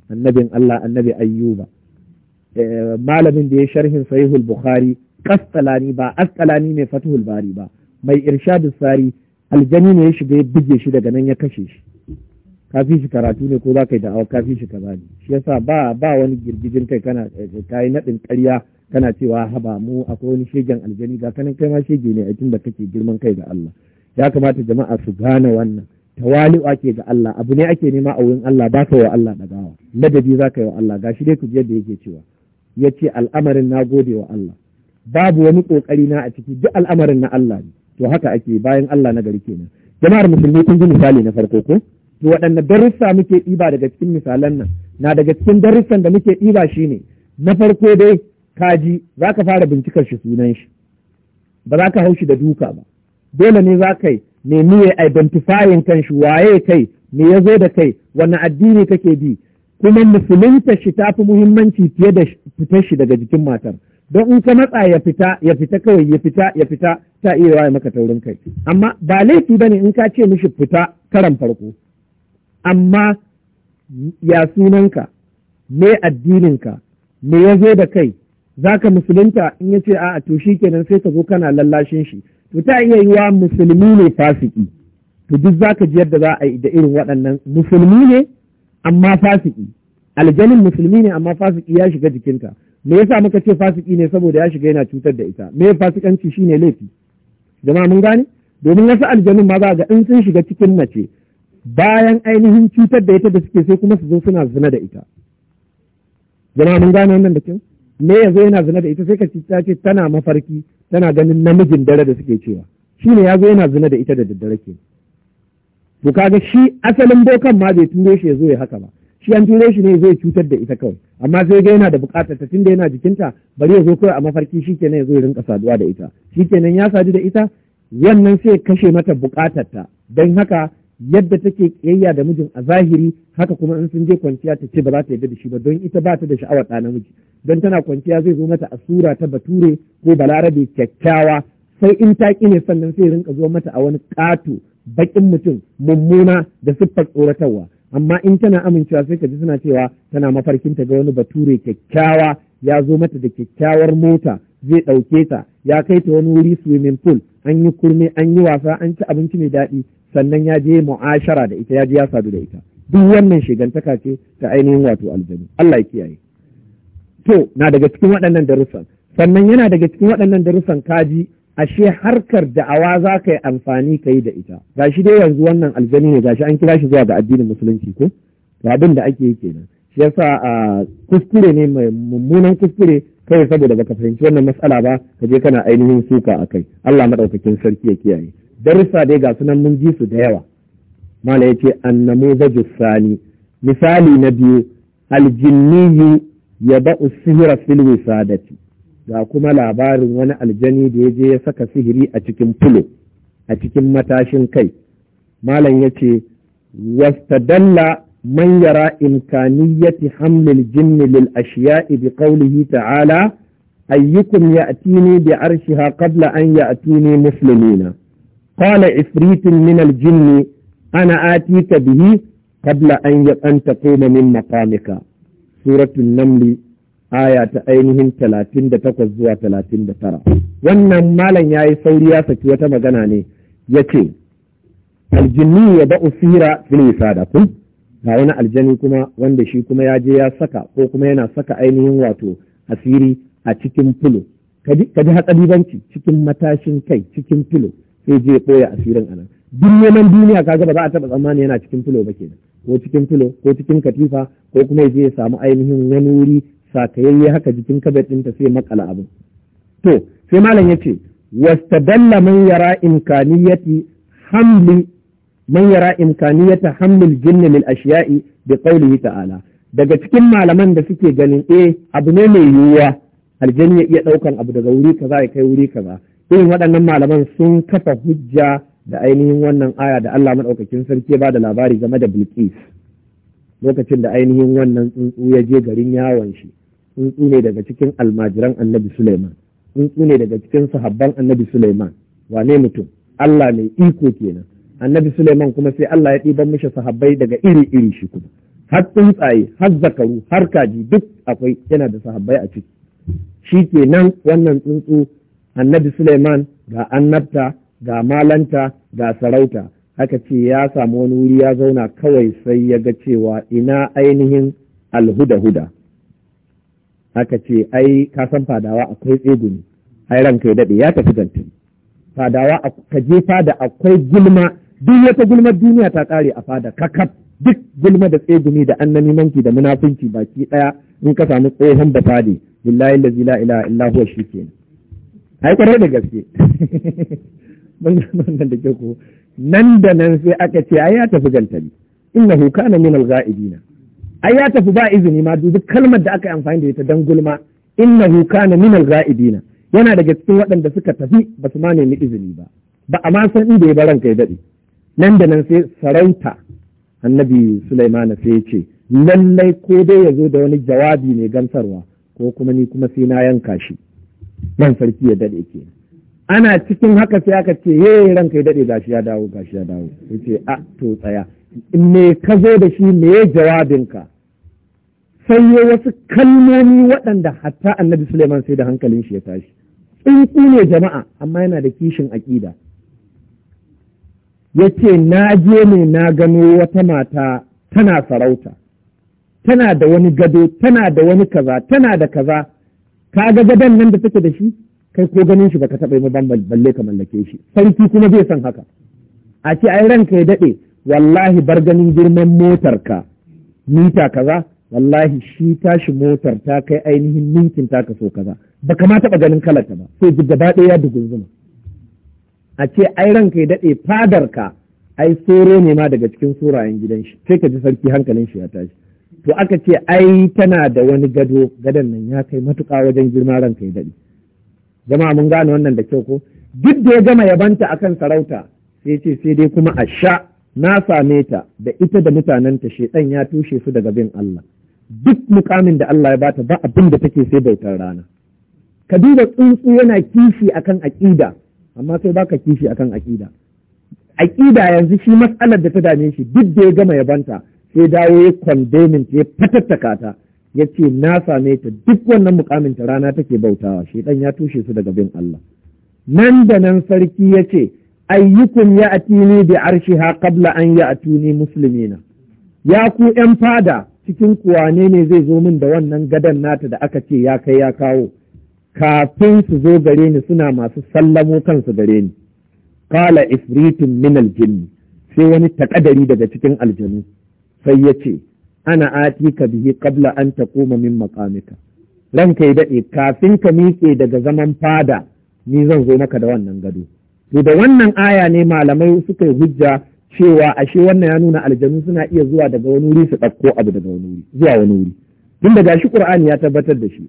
annabin Allah annabi ayyuba eh, malamin da ya sharhin sahihul bukhari kastalani ba askalani mai fathul bari ba mai irshadus sari aljani ne ya shiga ya buge shi daga nan ya kashe shi kafi shi karatu ne ko za ka yi da'awa kafi shi ka bani. shi yasa ba ba wani girgijin kai kana eh, kayi naɗin ƙarya kana cewa haba mu akwai wani shegen aljani ga kanin kai ma shege ne a da kake girman kai ga Allah ya kamata jama'a su gane wannan tawali'u ake ga Allah abu ne ake nema a wurin Allah ba ka wa Allah dagawa ladabi za ka yi wa Allah gashi dai ku da yadda yake cewa ya ce al'amarin na gode wa Allah babu wani kokari na a ciki duk al'amarin na Allah ne to haka ake bayan Allah na gari kenan jama'ar musulmi kun ji misali na farko ko to waɗanne darussa muke ɗiba daga cikin misalan nan na daga cikin darussan da muke ɗiba shine na farko dai kaji za ka fara bincikar shi sunan shi ba za ka hau shi da duka ba dole ne za ka yi nemi ya identifying kan shi waye kai me ya zo da kai wani addini kake bi kuma musulunta shi ta fi muhimmanci fiye da fitar shi daga jikin matar don in ka matsa ya fita ya fita kawai ya fita ya fita ta iya waye maka taurin kai amma ba laifi ba ne in ka ce mishi fita karan farko amma ya sunanka me addininka me ya zo da kai Za ka musulunta in ya ce a'a to shi kenan sai ka zo kana lallashin shi to ta iya yiwa musulmi ne fasiki to duk ka ji yadda za a yi da irin waɗannan musulmi ne amma fasiki aljanin musulmi ne amma fasiki ya shiga jikinta me yasa muka ce fasiki ne saboda ya shiga yana cutar da ita me fasikanci shine laifi jama'a mun gane domin wasu aljanun ma za ga in sun shiga cikin mace bayan ainihin cutar da ita da suke sai kuma su zo suna zina da ita jama'a mun gane wannan da kyau me yanzu yana zina da ita sai ka ci ta ce tana mafarki tana ganin namijin dare da suke cewa shi ne ya zo yana zina da ita da daddare ke to kaga shi asalin bokan ma bai ture shi ya zo ya haka ba shi an ture shi ne zai cutar da ita kawai amma sai ga yana da bukatar ta tunda yana jikinta bari ya zo kawai a mafarki shi shikenan ya zo ya rinka saduwa da ita shi nan ya sadu da ita yannan sai kashe mata bukatar ta don haka yadda take kiyayya da mijin a zahiri haka kuma in sun je kwanciya ta ce ba za ta yarda da shi ba don ita ba ta da sha'awar ɗa namiji don tana kwanciya zai zo mata a sura ta bature ko balarabe kyakkyawa sai in ta ne sannan sai rinka zo mata a wani ƙato baƙin mutum mummuna da siffar tsoratarwa amma in tana amincewa sai ka ji suna cewa tana mafarkin ta ga wani bature kyakkyawa ya zo mata da kyakkyawar mota zai ɗauke ta ya kai ta wani wuri swimming pool an yi kurme an yi wasa an ci abinci mai daɗi sannan ya je mu'ashara da ita ya je ya sadu da ita duk wannan shigantaka ce ta ainihin wato aljanu Allah ya kiyaye to na daga cikin waɗannan darussan sannan yana daga cikin waɗannan darussan kaji ashe harkar da'awa za ka yi amfani ka yi da ita Ga shi dai yanzu wannan aljani ne Ga shi an kira shi zuwa ga addinin musulunci ko abin da ake yi kenan shi yasa a kuskure ne mai mummunan kuskure kawai saboda baka fahimci wannan matsala ba ka je kana ainihin suka a kai Allah maɗaukakin sarki ya kiyaye darussa dai ga sunan mun ji su da yawa mala yace annamu zajussani sani misali na biyu aljinniyu ya ba sihira fil wisadati ga kuma labarin wani aljani da ya je ya saka sihiri a cikin fulo a cikin matashin kai malam ya ce wastadalla man yara imkaniyati hamlil jinni lil ashiya'i bi qawlihi ta'ala ayyukum ya'tini bi arshiha qabla an ya'tini muslimina قال عفريت من الجن أنا آتيك به قبل أن أن تقوم من مقامك suratun namli aya ta ainihin talatin da takwas zuwa talatin da tara wannan malam ya yi sauri ya saki wata magana ne ya ce aljinni ya ba usira fil da ku ga wani aljani kuma wanda shi kuma ya je ya saka ko kuma yana saka ainihin wato asiri a cikin filo ka ji hatsari banci cikin matashin kai cikin filo sai je ɓoye asirin anan duk neman duniya kaga ba za a taɓa tsammani yana cikin filo ba kenan ko cikin filo ko cikin katifa ko kuma ya je ya samu ainihin wani wuri sakayayye haka jikin kabet ta sai makala abin to sai malam ya ce wastadalla man yara imkaniyati hamli man yara imkaniyata hamlil jinni lil ashiya'i bi qawlihi ta'ala daga cikin malaman da suke ganin eh abu ne mai yiwuwa aljani ya iya ɗaukan abu daga wuri kaza ya kai wuri kaza irin waɗannan malaman sun kafa hujja da ainihin wannan aya da Allah maɗaukakin sarki ba da labari game da Bilqis lokacin da ainihin wannan tsuntsu ya je garin yawon shi tsuntsu ne daga cikin almajiran Annabi Sulaiman tsuntsu ne daga cikin sahabban Annabi Sulaiman wane mutum Allah mai iko kenan Annabi Sulaiman kuma sai Allah ya ɗiban mishi sahabbai daga iri-iri shi kuma har tsuntsaye har zakaru har kaji duk akwai yana da sahabbai a ciki shi kenan wannan tsuntsu Annabi Sulaiman ga annabta ga malanta ga sarauta aka ce ya samu wani wuri ya zauna kawai sai ya ga cewa ina ainihin alhuda-huda aka ce ai ka san fadawa akwai tsegumi ai ranka ya daɗe ya tafi zantin fadawa ka je fada akwai gulma duk wata gulmar duniya ta ƙare a fada kakaf duk gulma da tsegumi da manki da munafunci baki ɗaya in ka samu tsohon da fadi billahi la ilaha illa huwa shi ai kwarai da gaske (laughs) wannan da ke ko nan da nan sai aka ce ai ya tafi gantali innahu kana min al ai ya tafi ba izini ma duk kalmar da aka yi amfani da ita dan gulma innahu kana min al yana daga cikin waɗanda suka tafi ba su ma nemi izini ba ba a ma san inda ya baran kai daɗi nan da nan sai sarauta annabi sulaimana sai ya ce lallai ko dai ya zo da wani jawabi mai gamsarwa ko kuma ni kuma sai na yanka shi nan sarki ya daɗe kenan ana cikin haka sai aka ce he ranka ya dade gashi ya dawo gashi ya dawo Ya ce, a to tsaya me ka zo da shi me ya jawabinka sai ya wasu kalmomi waɗanda hatta annabi Suleiman sai da hankalin shi ya tashi tsuntsu ne jama'a amma yana da kishin aƙida ya ce na je ne na gano wata mata tana sarauta tana da wani gado tana da wani kaza tana da kaza ka ga gadon nan da take da shi kai ko ganin shi baka taɓa yi ba balle ka mallake shi sarki kuma zai san haka a ce ai ranka ya daɗe wallahi bar ganin girman motar ka mita kaza wallahi shi tashi motar ta kai ainihin ninkin ta kaso kaza baka ma taɓa ganin kalarta ba sai gaba ɗaya ya dugunzuma a ce ai ranka ya daɗe fadar ka ai soro ne ma daga cikin surayen gidan shi sai ka ji sarki hankalin shi ya tashi to aka ce ai tana da wani gado gadon nan ya kai matuƙa wajen girma ranka ya daɗe jama'a mun gane wannan da kyau ko duk da ya gama yabanta akan sarauta sai ce sai dai kuma a sha na same ta da ita da mutanenta shaidan ya tushe su daga bin Allah duk mukamin da Allah ya bata ba abin da take sai bautar rana ka duba tsuntsu yana kishi akan aƙida, amma sai baka kishi akan aƙida. Aƙida yanzu shi matsalar da ta dame shi duk da ya gama yabanta sai dawo ya ta ya fatattaka ta ya ce na same ta duk wannan mukamin ta rana take bautawa ɗan ya tushe su daga bin Allah nan da nan sarki ya ce ayyukum ya atini bi arshiha qabla an ya atuni muslimina ya ku yan fada cikin kuwane ne zai zo min da wannan gadon nata da aka ce ya kai ya kawo kafin su zo gare ni suna masu sallamo kansu gare ni Kala ifritun min aljinn sai wani takadari daga cikin aljanu sai ya ce ana ati ka bihi kabla an ta koma min makamika. ranka kai daɗe kafin ka miƙe daga zaman fada ni zan zo maka da wannan gado to da wannan aya ne malamai suka yi hujja cewa ashe wannan ya nuna aljanu suna iya zuwa daga wani wuri su ɗauko abu daga wani wuri zuwa wani wuri tun daga shi qur'ani ya tabbatar da shi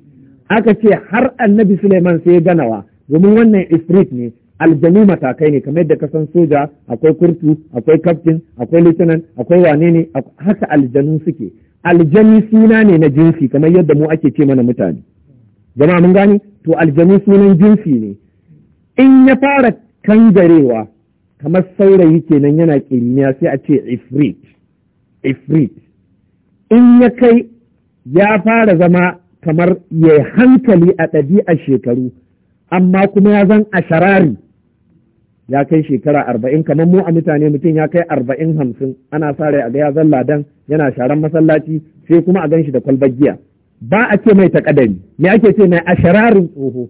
aka ce har annabi suleiman sai ganawa domin wannan ifrit ne aljanu matakai ne kamar yadda ka san soja akwai kurtu akwai kaftin akwai litinan akwai wane ne haka aljanu suke Aljanu suna ne na jinsi kamar yadda mu ake ce mana mutane jama'a mun gane to aljanu sunan jinsi ne in ya fara kangarewa kamar saurayi kenan yana kirniya sai a ce ifrit ifrit in ya kai ya fara zama kamar ya hankali a ɗabi'ar shekaru amma kuma ya zan a sharari ya kai shekara arba'in kamar mu a mutane mutum ya kai arba'in hamsin ana sa rai a ga ya zalla dan yana sharan masallaci sai kuma a gan shi da kwalbar giya ba a ce mai takadari me ake ce mai ashararin tsoho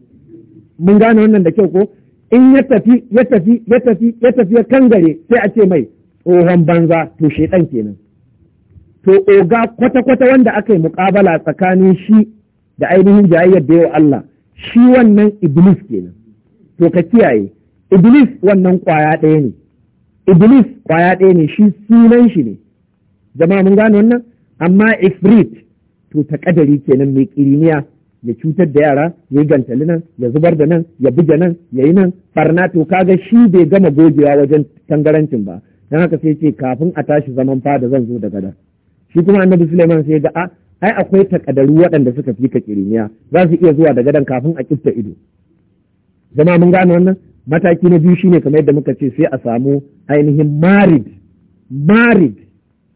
mun gane wannan da kyau ko in ya tafi ya tafi ya tafi ya tafi ya kangare sai a ce mai tsohon banza to shedan kenan to oga kwata-kwata wanda aka yi mukabala tsakanin shi da ainihin jayayyar da yau Allah shi wannan iblis kenan to ka kiyaye iblis wannan kwaya ɗaya ne iblis kwaya ɗaya ne shi sunan shi ne zama mun gane wannan amma ifrit to ta kenan mai ƙiriniya ya cutar da yara ya gantali nan ya zubar da nan ya buge nan ya yi nan barna to kaga shi bai gama gogewa wajen tangarancin ba don haka sai ce kafin a tashi zaman fada zan zo da gada shi kuma annabi suleiman sai ga a ah, ai akwai takadaru waɗanda suka fi ka kiriniya za su iya zuwa da gadon kafin a kifta ido zama mun gane wannan mataki na biyu shine kamar yadda muka ce sai a samu ainihin marid marid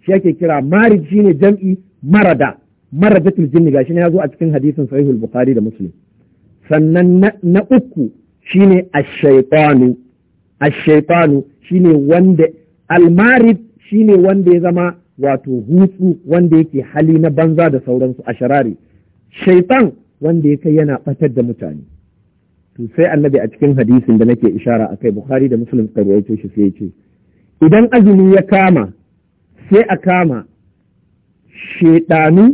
shi ake kira marid shine jam'i marada maradatul jinni gashi ne yazo a cikin hadisin sahihul bukhari da muslim sannan na, uku shine ash-shaytanu ash-shaytanu shine wanda al-marid shine wanda ya zama wato hutsu wanda yake hali na banza da sauransu a sharari shaitan wanda ya kai yana batar da mutane to sai annabi a cikin hadisin da nake ishara akai bukhari da muslim suka ya shi sai ya ce idan azumi ya kama sai a kama shedanu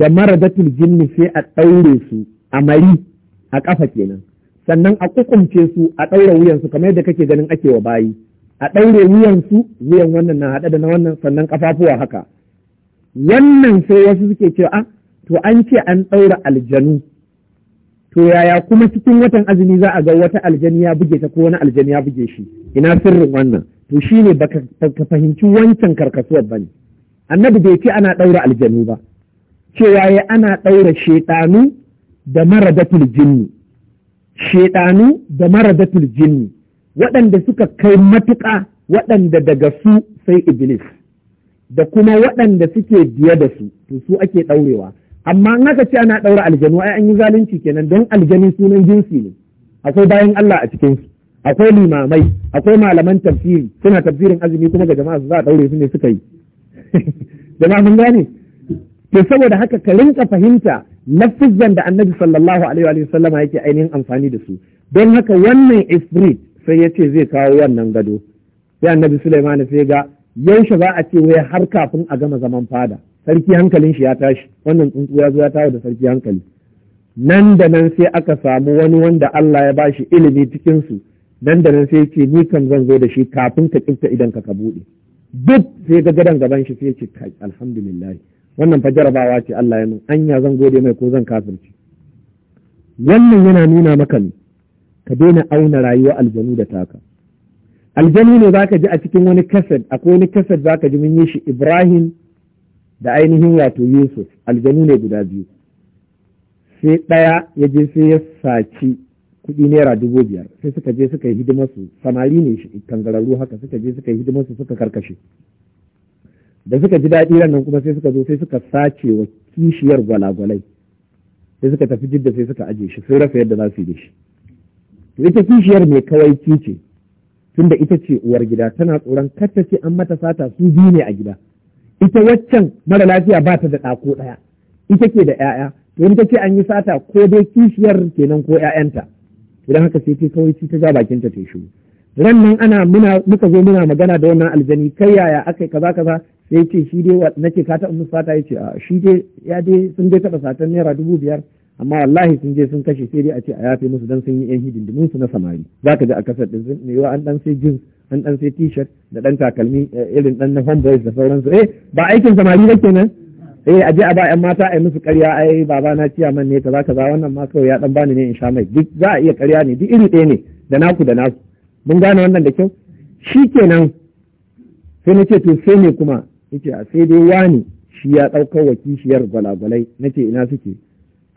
da maradatul jinni sai a ɗaure su a mari a ƙafa kenan sannan a kukumce su a wuyan wuyansu kamar yadda kake ganin ake wa bayi a ɗaure wuyansu wuyan wannan na hada da na wannan sannan ƙafafuwa haka wannan sai wasu suke cewa ah, to an ce an ɗaura aljanu to yaya kuma cikin watan azumi za a ga wata aljani ya buge ta ko wani aljani ya buge shi ina sirrin wannan to shine baka fahimci wancan karkasuwar ne. annabi bai ce ana ɗaura aljanu ba cewa ya ana ɗaura shaiɗanu da maradatul jinni shaiɗanu da maradatul jinni waɗanda suka kai matuƙa waɗanda daga su sai iblis da kuma waɗanda suke biye da su to su ake ɗaurewa amma in aka ce ana ɗaura aljanu ai an yi zalunci kenan don aljanu sunan jinsi ne akwai bayan Allah a cikin su akwai limamai akwai malaman tafsiri suna tafsirin azumi kuma ga jama'a su za a ɗaure su ne suka yi (laughs) jama'a mun gane to saboda haka ka rinka fahimta lafizan da annabi sallallahu alaihi wa sallama yake ainihin amfani da su don haka wannan ifrit sai ya ce zai kawo wannan gado sai annabi sulaiman sai ga yaushe za a ce wai har kafin a gama zaman fada sarki hankalin shi ya tashi wannan tsuntsu ya zo ya tawo da sarki hankali nan da nan sai aka samu wani wanda Allah ya bashi ilimi cikin su nan da nan sai ya ce ni kan zan zo da shi kafin ka kifta idan ka ka buɗe. duk sai ga gadan gaban shi sai ya ce alhamdulillah wannan fa jarabawa ce Allah ya mun anya zan gode mai ko zan kafirci wannan yana nuna maka ne ka daina auna rayuwa aljanu da taka aljanu ne zaka ji a cikin wani kaset akwai wani kaset zaka ji mun yi shi Ibrahim da ainihin wato Yusuf aljanu ne guda biyu sai ɗaya ya je sai ya saci kuɗi naira dubu biyar sai suka je suka yi hidima su samari ne shi kangararru haka suka je suka yi hidima su suka karkashe da suka ji daɗi nan kuma sai suka zo sai suka sace wa kishiyar gwalagwalai sai suka tafi jidda sai suka aje shi sai rasa yadda za su yi da shi to ita kishiyar mai kawai ce tunda ita ce uwar gida tana tsoron kar ta ce an mata sata su biyu ne a gida ita waccan mara lafiya ba ta da ɗako ɗaya ita ke da 'ya'ya to ta take an yi sata ko dai kishiyar kenan ko 'ya'yanta idan haka sai ta kawai ta za bakin ta shiru ran nan ana muka zo muna magana da wannan aljani kai yaya akai kaza kaza sai ce shi dai nake ka taɓa musu fata yace a shi dai ya dai sun dai taɓa satan naira dubu biyar amma wallahi sun je sun kashe sai dai a ce a yafe musu dan sun yi yan hidindiminsu su na samari zaka ji a kasar din sun ne an dan sai jin an dan sai t-shirt da dan takalmi eh, irin dan homeboys da sauransu eh ba aikin samari ba kenan eh aje a ba yan mata a musu ƙarya ai baba na ciya man ne kaza za wannan ma kawai ya dan bani ne in sha mai duk za a iya karya ne duk iri ɗaya ne da naku da naku mun gane wannan da kyau shi kenan sai na ce to sai ne kuma yace a sai dai wani shi ya ɗauka wa kishiyar gwalagwalai nace ina suke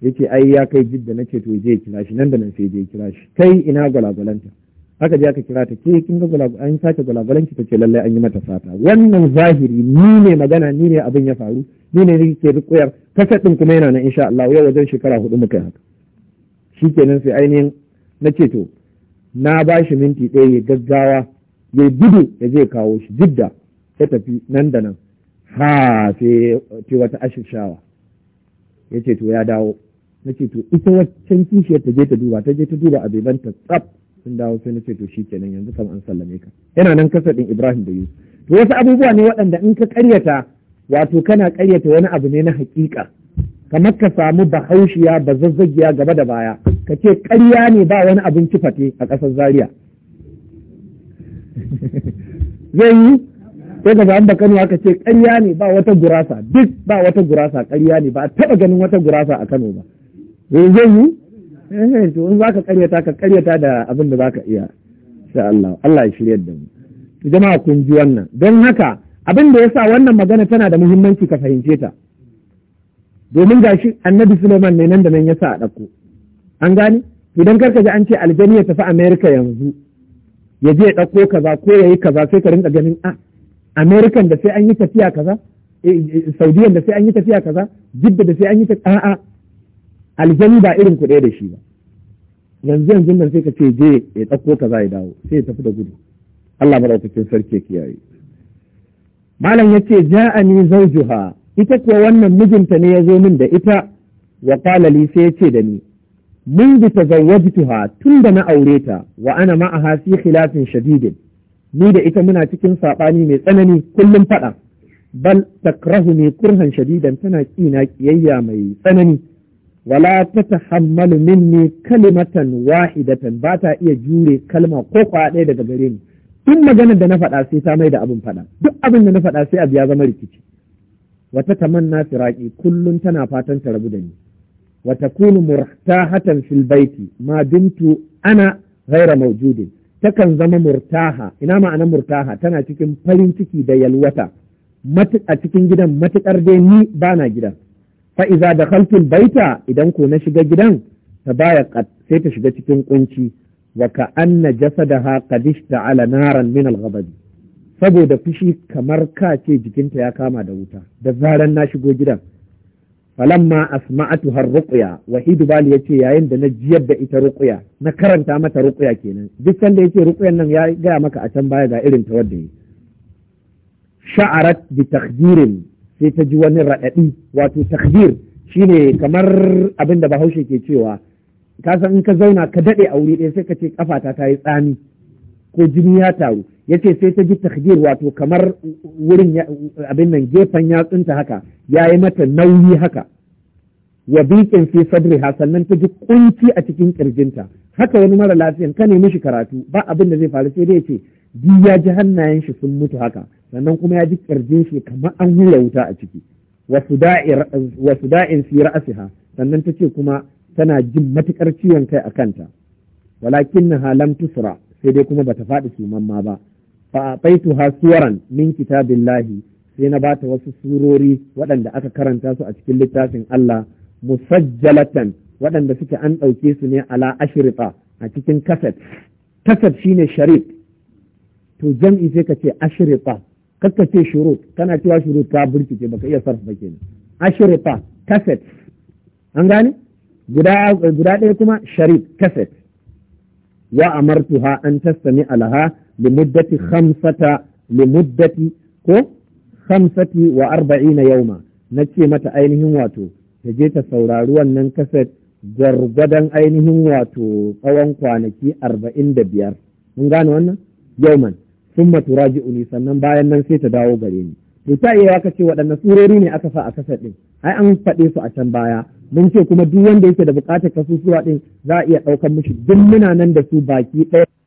yace ai ya kai jidda nace to je kira shi nan da nan sai je kira shi kai ina gwalagwalanta aka je aka kira ta ke kin ga an sake gulagulanki ta ce lallai an yi mata fata wannan zahiri ni ne magana ni ne abin ya faru ni ne nake rikuyar kasar din kuma yana nan insha Allah yau wajen shekara hudu muka haka shikenan sai ainihin na ce to na bashi minti ɗaya ya gaggawa ya gudu ya je kawo shi jidda ya tafi nan da nan ha sai ce wata ashishawa ya ce to ya dawo na ce to ita waccan kishiyar ta je ta duba ta je ta duba a bebanta tsaf sun dawo sai na ce to shi kenan yanzu kam an sallame ka yana nan kasa ɗin Ibrahim da Yusuf to wasu abubuwa ne waɗanda in ka ƙaryata wato kana ƙaryata wani abu ne na haƙiƙa kamar ka samu bahaushiya ba zazzagiya gaba da baya ka ce ƙarya ne ba wani abin kifate a ƙasar zaria (laughs) zai yi sai ka samu bakanuwa ka ce ƙarya ne ba wata gurasa duk ba wata gurasa ƙarya ne ba a taɓa ganin wata gurasa a kano ba zai yi eh to in ka karyata ka karyata da abin da ka iya insha Allah Allah ya shiryar da mu jama'a kun ji wannan don haka abin da yasa wannan magana tana da muhimmanci ka fahimce ta domin gashi annabi Suleiman ne nan da nan yasa a ɗauko an gane idan karka ji an ce aljani ya tafi Amerika yanzu ya je ya ɗauko kaza ko ya yi kaza sai ka rinka ganin a ah, Amerikan da sai an yi tafiya kaza eh, eh, Saudiyan da sai an yi tafiya kaza Jidda da sai an yi tafiya a'a aljani ba irin ku da shi ba yanzu yanzu nan sai ka ce je ya ɗauko ka za ya dawo sai ya tafi da gudu Allah maɗaukakin sarki ya kiyaye malam ya ce ja'ani zaujuha ita kuwa wannan mijinta ne ya zo min da ita wa qala li sai ya ce da ni mun bi tazawwajtuha tunda na aure ta wa ana ma'aha fi khilafin shadidin ni da ita muna cikin saɓani mai tsanani kullum faɗa bal takrahu ne kurhan shadidan tana ƙina ƙiyayya mai tsanani wala ta tahammalu minni kalimatan wahidatan ba ta iya jure kalima ko ɗaya daga gare ni Tun maganar da na faɗa sai ta mai da abin faɗa duk abin da na faɗa sai abu ya zama rikici wata ta tamanna firaki kullum tana fatan ta rabu da ni Wata takunu murtahatan fil ma dumtu ana Raira mawjudin takan zama murtaha ina ma'ana murtaha tana cikin farin ciki da yalwata a cikin gidan matukar dai ni bana gidan fa iza dakhaltul baita idan ko na shiga gidan ta baya sai ta shiga cikin kunci wa ka anna jasadaha qad ala naran min al saboda fushi kamar ka ce jikinta ya kama da wuta da zaran na shigo gidan falamma asma'atu har ruqya wahidu bali yace yayin da na jiyar da ita ruqya na karanta mata ruqya kenan duk sanda yace ruqyan nan ya gaya maka a can baya ga irin ta wadda yi sha'arat bi takdirin sai ta ji wani raɗaɗi wato takdir shine kamar abin da bahaushe ke cewa ka san in ka zauna ka daɗe a wuri ɗaya sai ka ce ƙafata ta yi tsami ko jini ya taru Ya ce sai ta ji takdir wato kamar wurin abin nan gefen yatsunta haka ya yi mata nauyi haka wa biƙin fi ha sannan ta ji kunci a cikin kirjinta haka wani mara lafiyan ka nemi shi karatu ba abin da zai faru sai dai ce ji ya ji hannayen shi sun mutu haka sannan kuma ya ji kirjin shi kamar an hula wuta a ciki wasu da'in fi ra'asiha sannan ta ce kuma tana jin matukar ciwon kai a kanta walakin na halam tusra sai dai kuma bata faɗi suman ma ba fa baitu ha suwaran min kitabillahi sai na bata wasu surori waɗanda aka karanta su a cikin littafin Allah musajjalatan waɗanda suke an ɗauke su ne ala ashirifa a cikin kaset kaset shine sharif to jam'i sai ka ce ashirifa kakkace shurut kana cewa shurut ka burkice baka iya sarfa kenan ashruta kaset an gane guda guda ɗaya kuma sharif kaset wa amartuha an tastami alaha limuddati khamsata limuddati ko khamsati wa arba'ina yauma nace mata ainihin wato ta je ta saurari wannan kaset gwargwadon ainihin wato tsawon kwanaki arba'in da biyar mun gane wannan yauman matura uni sannan bayan nan sai ta dawo gare ni to ta iya ka ce waɗanne surori ne aka sa a kasar ɗin ai an faɗe su a can baya mun ce kuma duk wanda yake da buƙatar kasusuwa ɗin za a iya ɗaukar mishi duk muna nan da su baki ɗaya